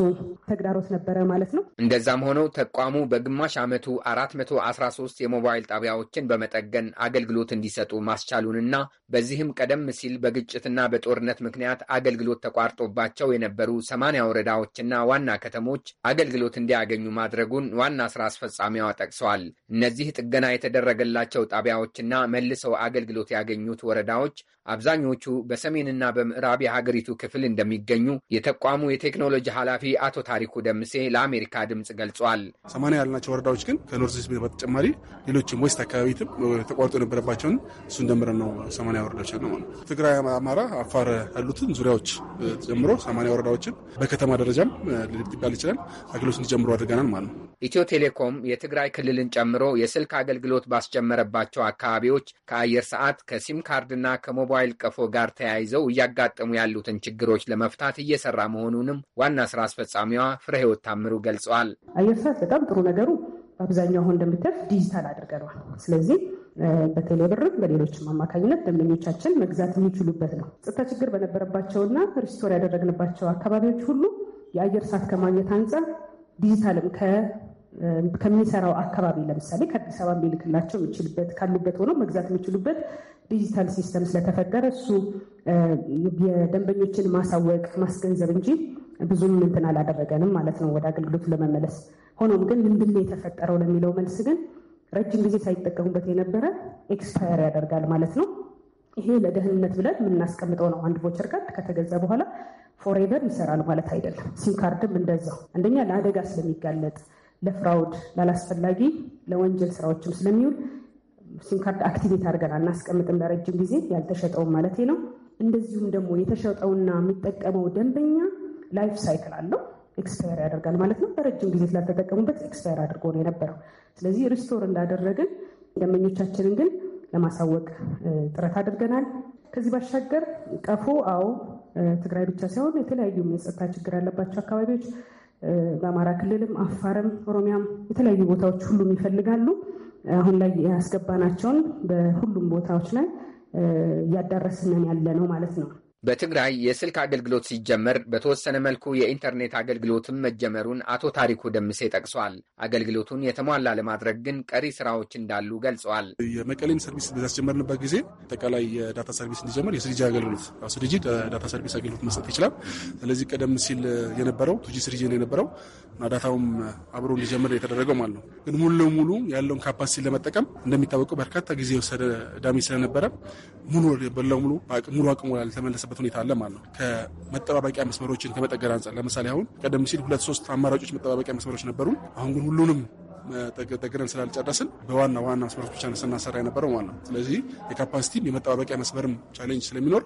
ተግዳሮት ነበረ ማለት ነው። እንደዛም ሆነው ተቋሙ በግማሽ ዓመቱ 413 የሞባይል ጣቢያዎችን በመጠገን አገልግሎት እንዲሰጡ ማስቻሉንና በዚህም ቀደም ሲል በግጭትና በጦርነት ምክንያት አገልግሎት ተቋርጦባቸው የነበሩ ሰማንያ ወረዳዎችና ዋና ከተሞች አገልግሎት እንዲያገኙ ማድረጉን ዋና ስራ አስፈጻሚዋ ጠቅሰዋል። እነዚህ ጥገና የተደረገላቸው ጣቢያዎችና መልሰው አገልግሎት ያገኙት ወረዳዎች አብዛኞቹ በሰሜንና በምዕራብ የሀገሪቱ ክፍል እንደሚገኙ የተቋሙ የቴክኖሎጂ ኃላፊ አቶ ታሪኩ ደምሴ ለአሜሪካ ድምፅ ገልጿል። ሰማንያ ያልናቸው ወረዳዎች ግን ከኖርዝ በተጨማሪ ሌሎችም ወስት አካባቢትም ተቋርጦ የነበረባቸውን እሱን ደምረን ነው ሰማንያ ወረዳዎች ነው ማለት ነው። ትግራይ፣ አማራ፣ አፋር ያሉትን ዙሪያዎች ጀምሮ ሰማንያ ወረዳዎችን በከተማ ደረጃም ሊባል ይችላል አገልግሎት እንዲጀምሩ አድርገናል ማለት ነው። ኢትዮ ቴሌኮም የትግራይ ክልልን ጨምሮ የስልክ አገልግሎት ባስጀመረባቸው አካባቢዎች ከአየር ሰዓት ከሲም ካርድና ከሞ ከሞባይል ቀፎ ጋር ተያይዘው እያጋጠሙ ያሉትን ችግሮች ለመፍታት እየሰራ መሆኑንም ዋና ስራ አስፈጻሚዋ ፍሬህይወት ታምሩ ገልጸዋል። አየር ሰዓት በጣም ጥሩ ነገሩ በአብዛኛው አሁን እንደምታዩት ዲጂታል አድርገነዋል። ስለዚህ ብርም በሌሎችም አማካኝነት ደንበኞቻችን መግዛት የሚችሉበት ነው። ጸጥታ ችግር በነበረባቸውና ሪስቶር ያደረግንባቸው አካባቢዎች ሁሉ የአየር ሰዓት ከማግኘት አንጻር ዲጂታልም ከሚሰራው አካባቢ ለምሳሌ ከአዲስ አበባ ሊልክላቸው የሚችልበት ካሉበት ሆኖ መግዛት የሚችሉበት ዲጂታል ሲስተም ስለተፈጠረ እሱ የደንበኞችን ማሳወቅ ማስገንዘብ እንጂ ብዙም እንትን አላደረገንም ማለት ነው ወደ አገልግሎቱ ለመመለስ። ሆኖም ግን ምንድን ነው የተፈጠረው ለሚለው መልስ ግን ረጅም ጊዜ ሳይጠቀሙበት የነበረ ኤክስፓየር ያደርጋል ማለት ነው። ይሄ ለደህንነት ብለን የምናስቀምጠው ነው። አንድ ቮቸር ካርድ ከተገዛ በኋላ ፎሬቨር ይሰራል ማለት አይደለም። ሲም ካርድም እንደዛው። አንደኛ ለአደጋ ስለሚጋለጥ፣ ለፍራውድ፣ ላላስፈላጊ ለወንጀል ስራዎችም ስለሚውል ሲም ካርድ አክቲቬት አድርገን አናስቀምጥም ለረጅም ጊዜ ያልተሸጠውን ማለት ነው። እንደዚሁም ደግሞ የተሸጠውና የሚጠቀመው ደንበኛ ላይፍ ሳይክል አለው ኤክስፓየር ያደርጋል ማለት ነው። ለረጅም ጊዜ ስላልተጠቀሙበት ኤክስፓየር አድርጎ ነው የነበረው። ስለዚህ ሪስቶር እንዳደረግን ደንበኞቻችንን ግን ለማሳወቅ ጥረት አድርገናል። ከዚህ ባሻገር ቀፎ አዎ ትግራይ ብቻ ሳይሆን የተለያዩ የጸጥታ ችግር ያለባቸው አካባቢዎች በአማራ ክልልም፣ አፋርም፣ ኦሮሚያም የተለያዩ ቦታዎች ሁሉም ይፈልጋሉ። አሁን ላይ ያስገባናቸውን በሁሉም ቦታዎች ላይ እያዳረስነን ያለ ነው ማለት ነው። በትግራይ የስልክ አገልግሎት ሲጀመር በተወሰነ መልኩ የኢንተርኔት አገልግሎትም መጀመሩን አቶ ታሪኩ ደምሴ ጠቅሷል። አገልግሎቱን የተሟላ ለማድረግ ግን ቀሪ ስራዎች እንዳሉ ገልጸዋል። የመቀሌን ሰርቪስ ያስጀመርንበት ጊዜ አጠቃላይ የዳታ ሰርቪስ እንዲጀመር የስሪጂ አገልግሎት ስሪጂ ዳታ ሰርቪስ አገልግሎት መስጠት ይችላል። ስለዚህ ቀደም ሲል የነበረው ቱጂ ስሪጂ ነው የነበረው እና ዳታውም አብሮ እንዲጀምር የተደረገው ማለት ነው። ግን ሙሉ ለሙሉ ያለውን ካፓሲቲ ለመጠቀም እንደሚታወቀው በርካታ ጊዜ የወሰደ ዳሜ ስለነበረ ሙሉ በሙሉ ሙሉ አቅሙ ላልተመለሰ የሚመጣበት ሁኔታ አለ ማለት ነው። ከመጠባበቂያ መስመሮችን ከመጠገን አንጻር ለምሳሌ አሁን ቀደም ሲል ሁለት ሶስት አማራጮች መጠባበቂያ መስመሮች ነበሩ። አሁን ግን ሁሉንም ጠግረን ስላልጨረስን በዋና ዋና መስመሮች ብቻ ስናሰራ የነበረው ማለት ነው። ስለዚህ የካፓሲቲም የመጠባበቂያ መስመርም ቻሌንጅ ስለሚኖር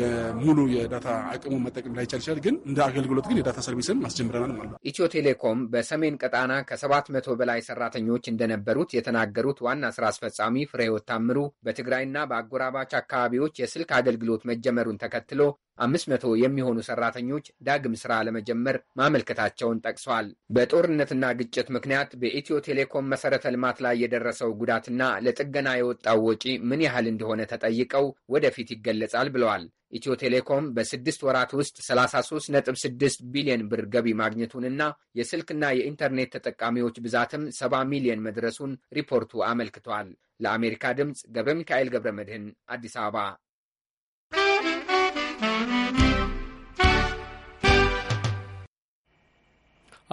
የሙሉ የዳታ አቅሙ መጠቀም ላይቻል ይችላል። ግን እንደ አገልግሎት ግን የዳታ ሰርቪስን አስጀምረናል ማለት ነው። ኢትዮ ቴሌኮም በሰሜን ቀጣና ከሰባት መቶ በላይ ሰራተኞች እንደነበሩት የተናገሩት ዋና ስራ አስፈጻሚ ፍሬህይወት ታምሩ በትግራይና በአጎራባች አካባቢዎች የስልክ አገልግሎት መጀመሩን ተከትሎ አምስት መቶ የሚሆኑ ሰራተኞች ዳግም ስራ ለመጀመር ማመልከታቸውን ጠቅሰዋል። በጦርነትና ግጭት ምክንያት በኢትዮ ቴሌኮም መሰረተ ልማት ላይ የደረሰው ጉዳትና ለጥገና የወጣው ወጪ ምን ያህል እንደሆነ ተጠይቀው ወደፊት ይገለጻል ብለዋል። ኢትዮ ቴሌኮም በስድስት ወራት ውስጥ 33.6 ቢሊዮን ብር ገቢ ማግኘቱንና የስልክና የኢንተርኔት ተጠቃሚዎች ብዛትም 70 ሚሊዮን መድረሱን ሪፖርቱ አመልክቷል። ለአሜሪካ ድምፅ ገብረ ሚካኤል ገብረ መድህን አዲስ አበባ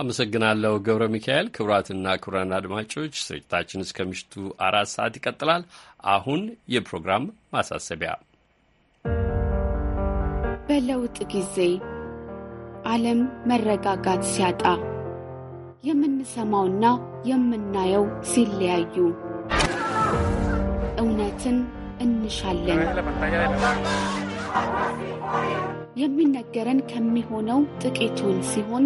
አመሰግናለሁ ገብረ ሚካኤል። ክቡራትና ክቡራን አድማጮች ስርጭታችን እስከ ምሽቱ አራት ሰዓት ይቀጥላል። አሁን የፕሮግራም ማሳሰቢያ። በለውጥ ጊዜ ዓለም መረጋጋት ሲያጣ የምንሰማውና የምናየው ሲለያዩ እውነትን እንሻለን። የሚነገረን ከሚሆነው ጥቂቱን ሲሆን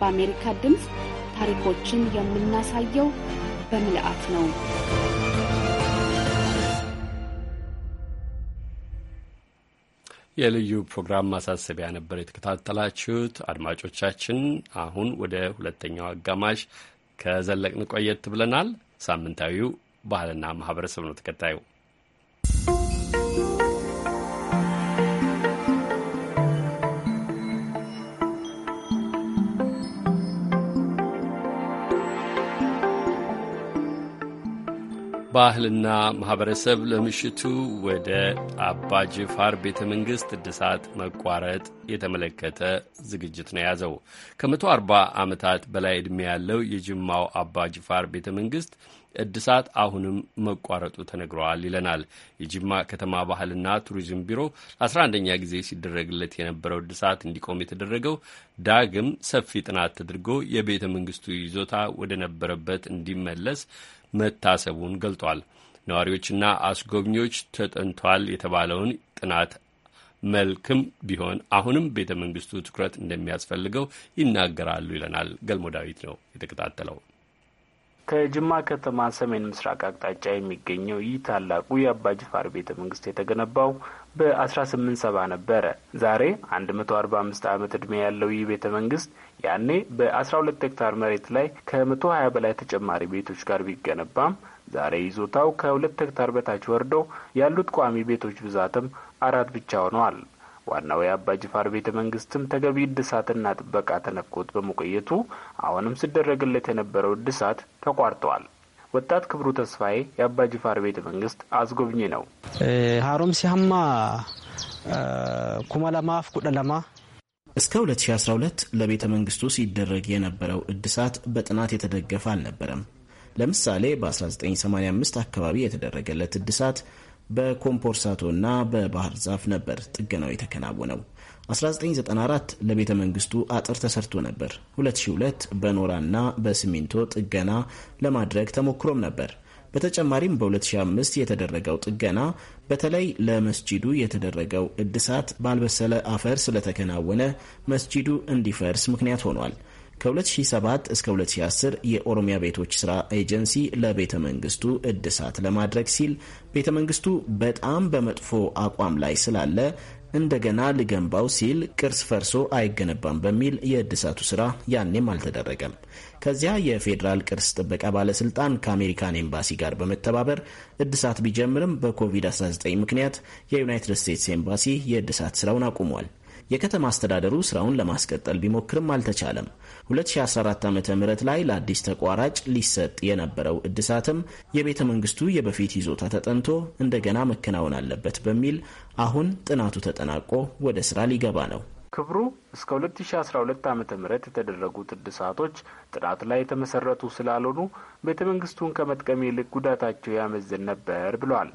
በአሜሪካ ድምፅ ታሪኮችን የምናሳየው በምልአት ነው። የልዩ ፕሮግራም ማሳሰቢያ ነበር የተከታተላችሁት አድማጮቻችን። አሁን ወደ ሁለተኛው አጋማሽ ከዘለቅን ቆየት ብለናል። ሳምንታዊው ባህልና ማህበረሰብ ነው ተከታዩ። ባህልና ማኅበረሰብ ለምሽቱ ወደ አባ ጅፋር ቤተ መንግሥት እድሳት መቋረጥ የተመለከተ ዝግጅት ነው የያዘው። አርባ ዓመታት በላይ ዕድሜ ያለው የጅማው አባ ጅፋር ቤተ መንግሥት እድሳት አሁንም መቋረጡ ተነግረዋል ይለናል። የጅማ ከተማ ባህልና ቱሪዝም ቢሮ ለ11ኛ ጊዜ ሲደረግለት የነበረው እድሳት እንዲቆም የተደረገው ዳግም ሰፊ ጥናት ተደርጎ የቤተ መንግስቱ ይዞታ ወደ ነበረበት እንዲመለስ መታሰቡን ገልጧል። ነዋሪዎችና አስጎብኚዎች ተጠንቷል የተባለውን ጥናት መልክም ቢሆን አሁንም ቤተ መንግስቱ ትኩረት እንደሚያስፈልገው ይናገራሉ ይለናል። ገልሞ ዳዊት ነው የተከታተለው። ከጅማ ከተማ ሰሜን ምስራቅ አቅጣጫ የሚገኘው ይህ ታላቁ የአባጅፋር ቤተ መንግስት የተገነባው በ1870 ነበረ። ዛሬ 145 ዓመት ዕድሜ ያለው ይህ ቤተ መንግስት ያኔ በ12 ሄክታር መሬት ላይ ከ120 በላይ ተጨማሪ ቤቶች ጋር ቢገነባም ዛሬ ይዞታው ከ2 ሄክታር በታች ወርደው ያሉት ቋሚ ቤቶች ብዛትም አራት ብቻ ሆነዋል። ዋናው የአባ ጅፋር ቤተ መንግስትም ተገቢ እድሳትና ጥበቃ ተነኮት በመቆየቱ አሁንም ሲደረግለት የነበረው እድሳት ተቋርጠዋል። ወጣት ክብሩ ተስፋዬ የአባ ጅፋር ቤተ መንግስት አስጎብኚ ነው። ሀሮምሲ ሀማ ኩመለማ ለማፍ እስከ 2012 ለቤተ መንግስቱ ሲደረግ የነበረው እድሳት በጥናት የተደገፈ አልነበረም። ለምሳሌ በ1985 አካባቢ የተደረገለት እድሳት በኮምፖርሳቶ ና በባህር ዛፍ ነበር ጥገናው የተከናወነው። 1994 ለቤተ መንግስቱ አጥር ተሰርቶ ነበር። 2002 በኖራና በሲሚንቶ ጥገና ለማድረግ ተሞክሮም ነበር። በተጨማሪም በ2005 የተደረገው ጥገና በተለይ ለመስጂዱ የተደረገው እድሳት ባልበሰለ አፈር ስለተከናወነ መስጂዱ እንዲፈርስ ምክንያት ሆኗል። ከ2007 እስከ 2010 የኦሮሚያ ቤቶች ስራ ኤጀንሲ ለቤተ መንግስቱ እድሳት ለማድረግ ሲል ቤተ መንግስቱ በጣም በመጥፎ አቋም ላይ ስላለ እንደገና ልገንባው ሲል ቅርስ ፈርሶ አይገነባም በሚል የእድሳቱ ስራ ያኔም አልተደረገም። ከዚያ የፌዴራል ቅርስ ጥበቃ ባለስልጣን ከአሜሪካን ኤምባሲ ጋር በመተባበር እድሳት ቢጀምርም በኮቪድ-19 ምክንያት የዩናይትድ ስቴትስ ኤምባሲ የእድሳት ስራውን አቁሟል። የከተማ አስተዳደሩ ስራውን ለማስቀጠል ቢሞክርም አልተቻለም። 2014 ዓ ም ላይ ለአዲስ ተቋራጭ ሊሰጥ የነበረው እድሳትም የቤተ መንግስቱ የበፊት ይዞታ ተጠንቶ እንደገና መከናወን አለበት በሚል አሁን ጥናቱ ተጠናቆ ወደ ስራ ሊገባ ነው። ክብሩ እስከ 2012 ዓ ም የተደረጉት እድሳቶች ጥናት ላይ የተመሰረቱ ስላልሆኑ ቤተ መንግስቱን ከመጥቀም ይልቅ ጉዳታቸው ያመዝን ነበር ብለዋል።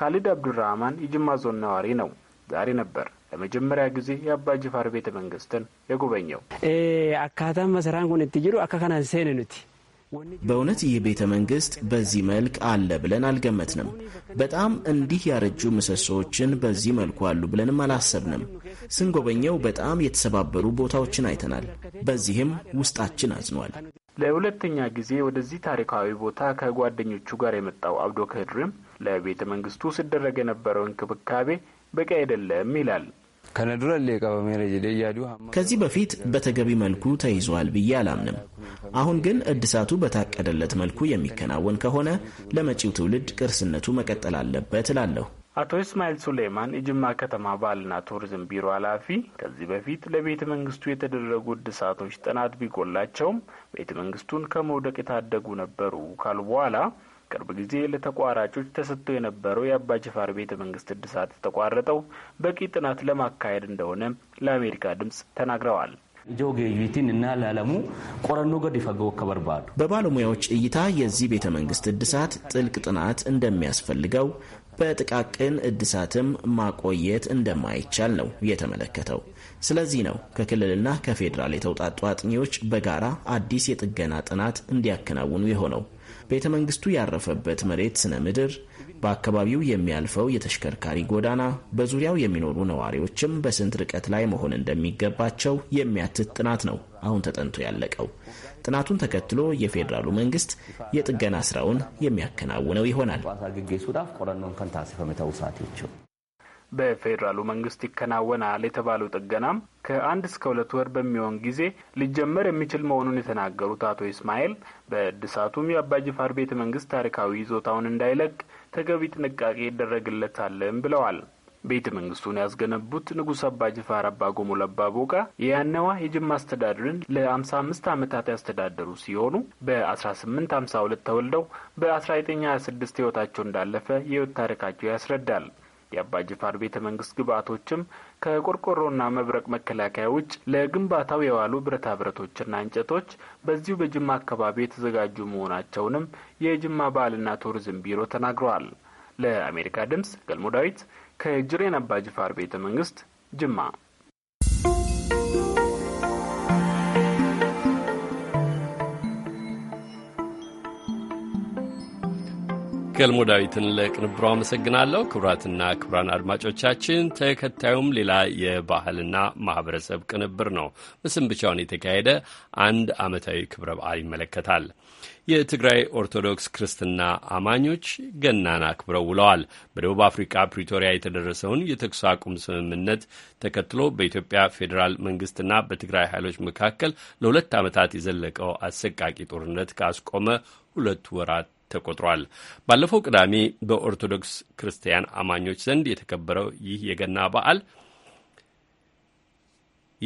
ካሊድ አብዱራህማን የጅማ ዞን ነዋሪ ነው። ዛሬ ነበር ለመጀመሪያ ጊዜ የአባ ጅፋር ቤተ መንግስትን የጎበኘው። አካታ መሰራን ጎን ትጅሩ አካካና ሴን በእውነት ይህ ቤተ መንግስት በዚህ መልክ አለ ብለን አልገመትንም። በጣም እንዲህ ያረጁ ምሰሶዎችን በዚህ መልኩ አሉ ብለንም አላሰብንም። ስንጎበኘው በጣም የተሰባበሩ ቦታዎችን አይተናል። በዚህም ውስጣችን አዝኗል። ለሁለተኛ ጊዜ ወደዚህ ታሪካዊ ቦታ ከጓደኞቹ ጋር የመጣው አብዶ ከድርም ለቤተ መንግስቱ ሲደረግ የነበረው እንክብካቤ በቂ አይደለም ይላል። ከዚህ በፊት በተገቢ መልኩ ተይዟል ብዬ አላምንም። አሁን ግን እድሳቱ በታቀደለት መልኩ የሚከናወን ከሆነ ለመጪው ትውልድ ቅርስነቱ መቀጠል አለበት እላለሁ። አቶ እስማኤል ሱሌማን የጅማ ከተማ ባህልና ቱሪዝም ቢሮ ኃላፊ ከዚህ በፊት ለቤተ መንግስቱ የተደረጉ እድሳቶች ጥናት ቢጎላቸውም ቤተ መንግስቱን ከመውደቅ የታደጉ ነበሩ ካሉ በኋላ ቅርብ ጊዜ ለተቋራጮች ተሰጥቶ የነበረው የአባጅፋር ቤተ መንግስት እድሳት የተቋረጠው በቂ ጥናት ለማካሄድ እንደሆነ ለአሜሪካ ድምፅ ተናግረዋል። እና ላለሙ ቆረኖ ገድ ከበርባሉ በባለሙያዎች እይታ የዚህ ቤተ መንግስት እድሳት ጥልቅ ጥናት እንደሚያስፈልገው በጥቃቅን እድሳትም ማቆየት እንደማይቻል ነው የተመለከተው። ስለዚህ ነው ከክልልና ከፌዴራል የተውጣጡ አጥኚዎች በጋራ አዲስ የጥገና ጥናት እንዲያከናውኑ የሆነው። ቤተ መንግስቱ ያረፈበት መሬት ስነ ምድር፣ በአካባቢው የሚያልፈው የተሽከርካሪ ጎዳና፣ በዙሪያው የሚኖሩ ነዋሪዎችም በስንት ርቀት ላይ መሆን እንደሚገባቸው የሚያትት ጥናት ነው አሁን ተጠንቶ ያለቀው። ጥናቱን ተከትሎ የፌዴራሉ መንግስት የጥገና ስራውን የሚያከናውነው ይሆናል። በፌዴራሉ መንግስት ይከናወናል የተባለው ጥገናም ከአንድ እስከ ሁለት ወር በሚሆን ጊዜ ሊጀመር የሚችል መሆኑን የተናገሩት አቶ ኢስማኤል በእድሳቱም የአባጅፋር ቤተ መንግስት ታሪካዊ ይዞታውን እንዳይለቅ ተገቢ ጥንቃቄ ይደረግለታልም ብለዋል። ቤተ መንግስቱን ያስገነቡት ንጉሥ አባ ጅፋር አባ ጎሞል አባ ቦጋ የያነዋ የጅማ አስተዳደርን ለአምሳ አምስት ዓመታት ያስተዳደሩ ሲሆኑ በአስራ ስምንት ሁለት ተወልደው በአስራ ዘጠኝ ሀያ ስድስት ህይወታቸው እንዳለፈ የህይወት ታሪካቸው ያስረዳል። የአባጅፋር ቤተ መንግስት ግብአቶችም ከቆርቆሮና መብረቅ መከላከያ ውጭ ለግንባታው የዋሉ ብረታ ብረቶችና እንጨቶች በዚሁ በጅማ አካባቢ የተዘጋጁ መሆናቸውንም የጅማ ባህልና ቱሪዝም ቢሮ ተናግረዋል። ለአሜሪካ ድምጽ ገልሞ ዳዊት ከጅሬን አባጅፋር ቤተ መንግስት ጅማ ገልሞ ዳዊትን ለቅንብሮ አመሰግናለሁ። ክቡራትና ክቡራን አድማጮቻችን ተከታዩም ሌላ የባህልና ማህበረሰብ ቅንብር ነው። ምስም ብቻውን የተካሄደ አንድ ዓመታዊ ክብረ በዓል ይመለከታል። የትግራይ ኦርቶዶክስ ክርስትና አማኞች ገናን አክብረው ውለዋል። በደቡብ አፍሪካ ፕሪቶሪያ የተደረሰውን የተኩስ አቁም ስምምነት ተከትሎ በኢትዮጵያ ፌዴራል መንግስትና በትግራይ ኃይሎች መካከል ለሁለት ዓመታት የዘለቀው አሰቃቂ ጦርነት ካስቆመ ሁለት ወራት ተቆጥሯል። ባለፈው ቅዳሜ በኦርቶዶክስ ክርስቲያን አማኞች ዘንድ የተከበረው ይህ የገና በዓል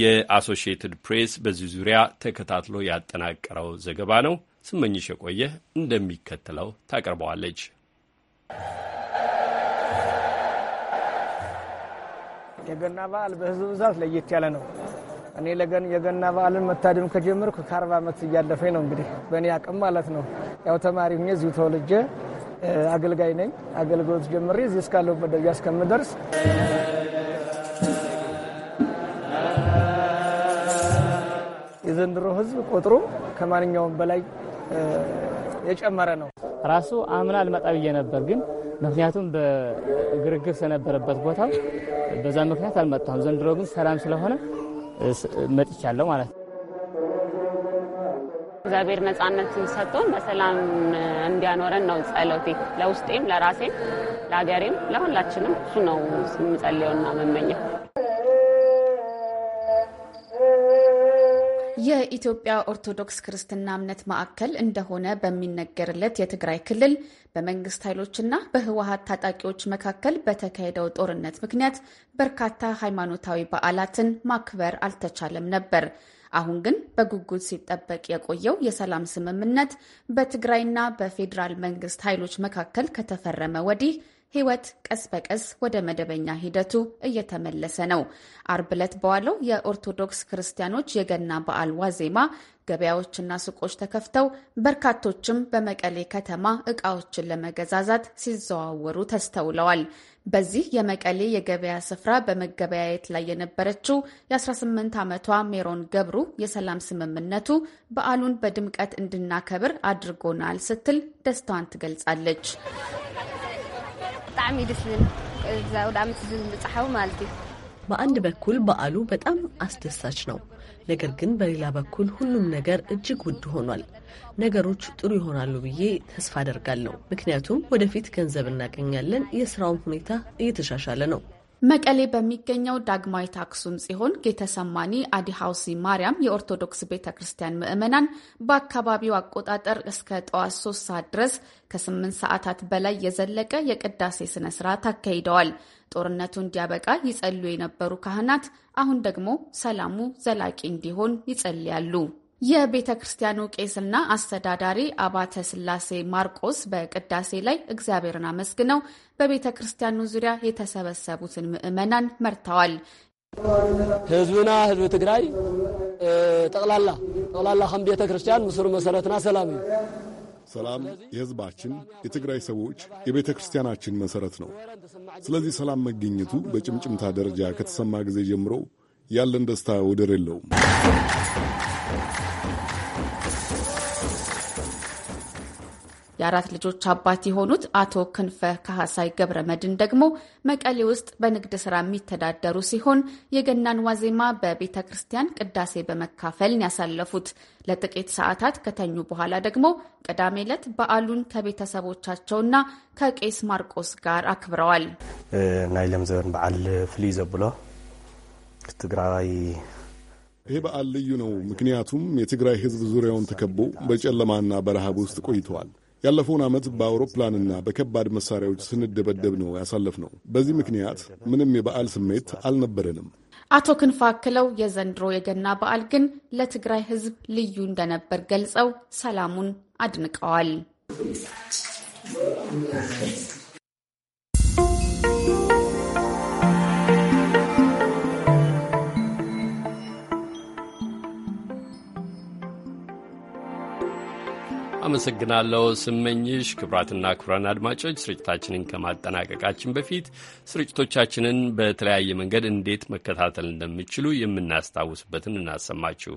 የአሶሺየትድ ፕሬስ በዚህ ዙሪያ ተከታትሎ ያጠናቀረው ዘገባ ነው። ስመኝሽ የቆየ እንደሚከተለው ታቀርበዋለች። የገና በዓል በህዝብ ብዛት ለየት ያለ ነው። እኔ የገና በዓልን መታደም ከጀመርኩ ከአርባ ዓመት እያለፈኝ ነው። እንግዲህ በእኔ አቅም ማለት ነው። ያው ተማሪ ሁኜ እዚሁ ተወልጄ አገልጋይ ነኝ። አገልግሎት ጀምሬ እዚህ እስካለሁበት ደረጃ እስከምደርስ የዘንድሮ ህዝብ ቁጥሩ ከማንኛውም በላይ የጨመረ ነው። ራሱ አምና አልመጣ ብዬ ነበር ግን ምክንያቱም በግርግር ስለነበረበት ቦታው በዛ ምክንያት አልመጣሁም። ዘንድሮ ግን ሰላም ስለሆነ መጥቻለሁ ማለት ነው። እግዚአብሔር ነጻነትን ሰጥቶን በሰላም እንዲያኖረን ነው ጸሎቴ። ለውስጤም፣ ለራሴም፣ ለሀገሬም፣ ለሁላችንም እሱ ነው የምጸልየውና መመኘው። የኢትዮጵያ ኦርቶዶክስ ክርስትና እምነት ማዕከል እንደሆነ በሚነገርለት የትግራይ ክልል በመንግስት ኃይሎችና በህወሀት ታጣቂዎች መካከል በተካሄደው ጦርነት ምክንያት በርካታ ሃይማኖታዊ በዓላትን ማክበር አልተቻለም ነበር። አሁን ግን በጉጉት ሲጠበቅ የቆየው የሰላም ስምምነት በትግራይና በፌዴራል መንግስት ኃይሎች መካከል ከተፈረመ ወዲህ ህይወት ቀስ በቀስ ወደ መደበኛ ሂደቱ እየተመለሰ ነው። አርብ ዕለት በዋለው የኦርቶዶክስ ክርስቲያኖች የገና በዓል ዋዜማ ገበያዎችና ሱቆች ተከፍተው በርካቶችም በመቀሌ ከተማ እቃዎችን ለመገዛዛት ሲዘዋወሩ ተስተውለዋል። በዚህ የመቀሌ የገበያ ስፍራ በመገበያየት ላይ የነበረችው የ18 ዓመቷ ሜሮን ገብሩ የሰላም ስምምነቱ በዓሉን በድምቀት እንድናከብር አድርጎናል ስትል ደስታዋን ትገልጻለች። ብጣዕሚ ደስ ዝብል እዛ ወደ ዓመት ዝብል ማለት እዩ በአንድ በኩል በዓሉ በጣም አስደሳች ነው፣ ነገር ግን በሌላ በኩል ሁሉም ነገር እጅግ ውድ ሆኗል። ነገሮች ጥሩ ይሆናሉ ብዬ ተስፋ አደርጋለሁ፣ ምክንያቱም ወደፊት ገንዘብ እናገኛለን። የስራውን ሁኔታ እየተሻሻለ ነው። መቀሌ በሚገኘው ዳግማዊት አክሱም ጽዮን ጌተሰማኒ አዲሃውሲ ማርያም የኦርቶዶክስ ቤተ ክርስቲያን ምዕመናን በአካባቢው አቆጣጠር እስከ ጠዋት ሶስት ሰዓት ድረስ ከስምንት ሰዓታት በላይ የዘለቀ የቅዳሴ ስነ ስርዓት አካሂደዋል። ጦርነቱ እንዲያበቃ ይጸልዩ የነበሩ ካህናት አሁን ደግሞ ሰላሙ ዘላቂ እንዲሆን ይጸልያሉ። የቤተ ክርስቲያኑ ቄስና አስተዳዳሪ አባተ ስላሴ ማርቆስ በቅዳሴ ላይ እግዚአብሔርን አመስግነው በቤተ ክርስቲያኑ ዙሪያ የተሰበሰቡትን ምዕመናን መርተዋል። ህዝብና ህዝብ ትግራይ ጠቅላላ ጠቅላላ ከም ቤተ ክርስቲያን ምስሩ መሰረትና ሰላም እዩ። ሰላም የህዝባችን የትግራይ ሰዎች የቤተ ክርስቲያናችን መሰረት ነው። ስለዚህ ሰላም መገኘቱ በጭምጭምታ ደረጃ ከተሰማ ጊዜ ጀምሮ ያለን ደስታ ወደር የለውም። የአራት ልጆች አባት የሆኑት አቶ ክንፈ ካህሳይ ገብረ መድን ደግሞ መቀሌ ውስጥ በንግድ ስራ የሚተዳደሩ ሲሆን የገናን ዋዜማ በቤተ ክርስቲያን ቅዳሴ በመካፈል ያሳለፉት። ለጥቂት ሰዓታት ከተኙ በኋላ ደግሞ ቅዳሜ ዕለት በዓሉን ከቤተሰቦቻቸውና ከቄስ ማርቆስ ጋር አክብረዋል። ናይ ለምዘበን በዓል ፍልይ ዘብሎ ትግራዋይ ይሄ በዓል ልዩ ነው። ምክንያቱም የትግራይ ሕዝብ ዙሪያውን ተከቦ በጨለማና በረሃብ ውስጥ ቆይተዋል። ያለፈውን ዓመት በአውሮፕላንና በከባድ መሳሪያዎች ስንደበደብ ነው ያሳለፍነው። በዚህ ምክንያት ምንም የበዓል ስሜት አልነበረንም። አቶ ክንፋ አክለው የዘንድሮ የገና በዓል ግን ለትግራይ ሕዝብ ልዩ እንደነበር ገልጸው ሰላሙን አድንቀዋል። አመሰግናለሁ ስመኝሽ። ክቡራትና ክቡራን አድማጮች ስርጭታችንን ከማጠናቀቃችን በፊት ስርጭቶቻችንን በተለያየ መንገድ እንዴት መከታተል እንደሚችሉ የምናስታውስበትን እናሰማችሁ።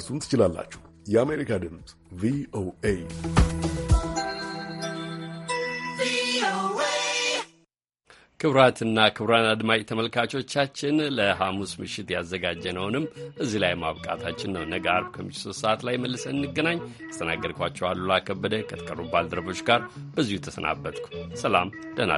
ልታደርሱን ትችላላችሁ። የአሜሪካ ድምፅ ቪኦኤ ክቡራትና ክቡራን አድማጭ ተመልካቾቻችን ለሐሙስ ምሽት ያዘጋጀነውንም እዚህ ላይ ማብቃታችን ነው። ነገ አርብ ከምሽቱ ሶስት ሰዓት ላይ መልሰን እንገናኝ። ያስተናገድኳቸው አሉላ ከበደ ከተቀሩ ባልደረቦች ጋር በዚሁ ተሰናበትኩ። ሰላም፣ ደህና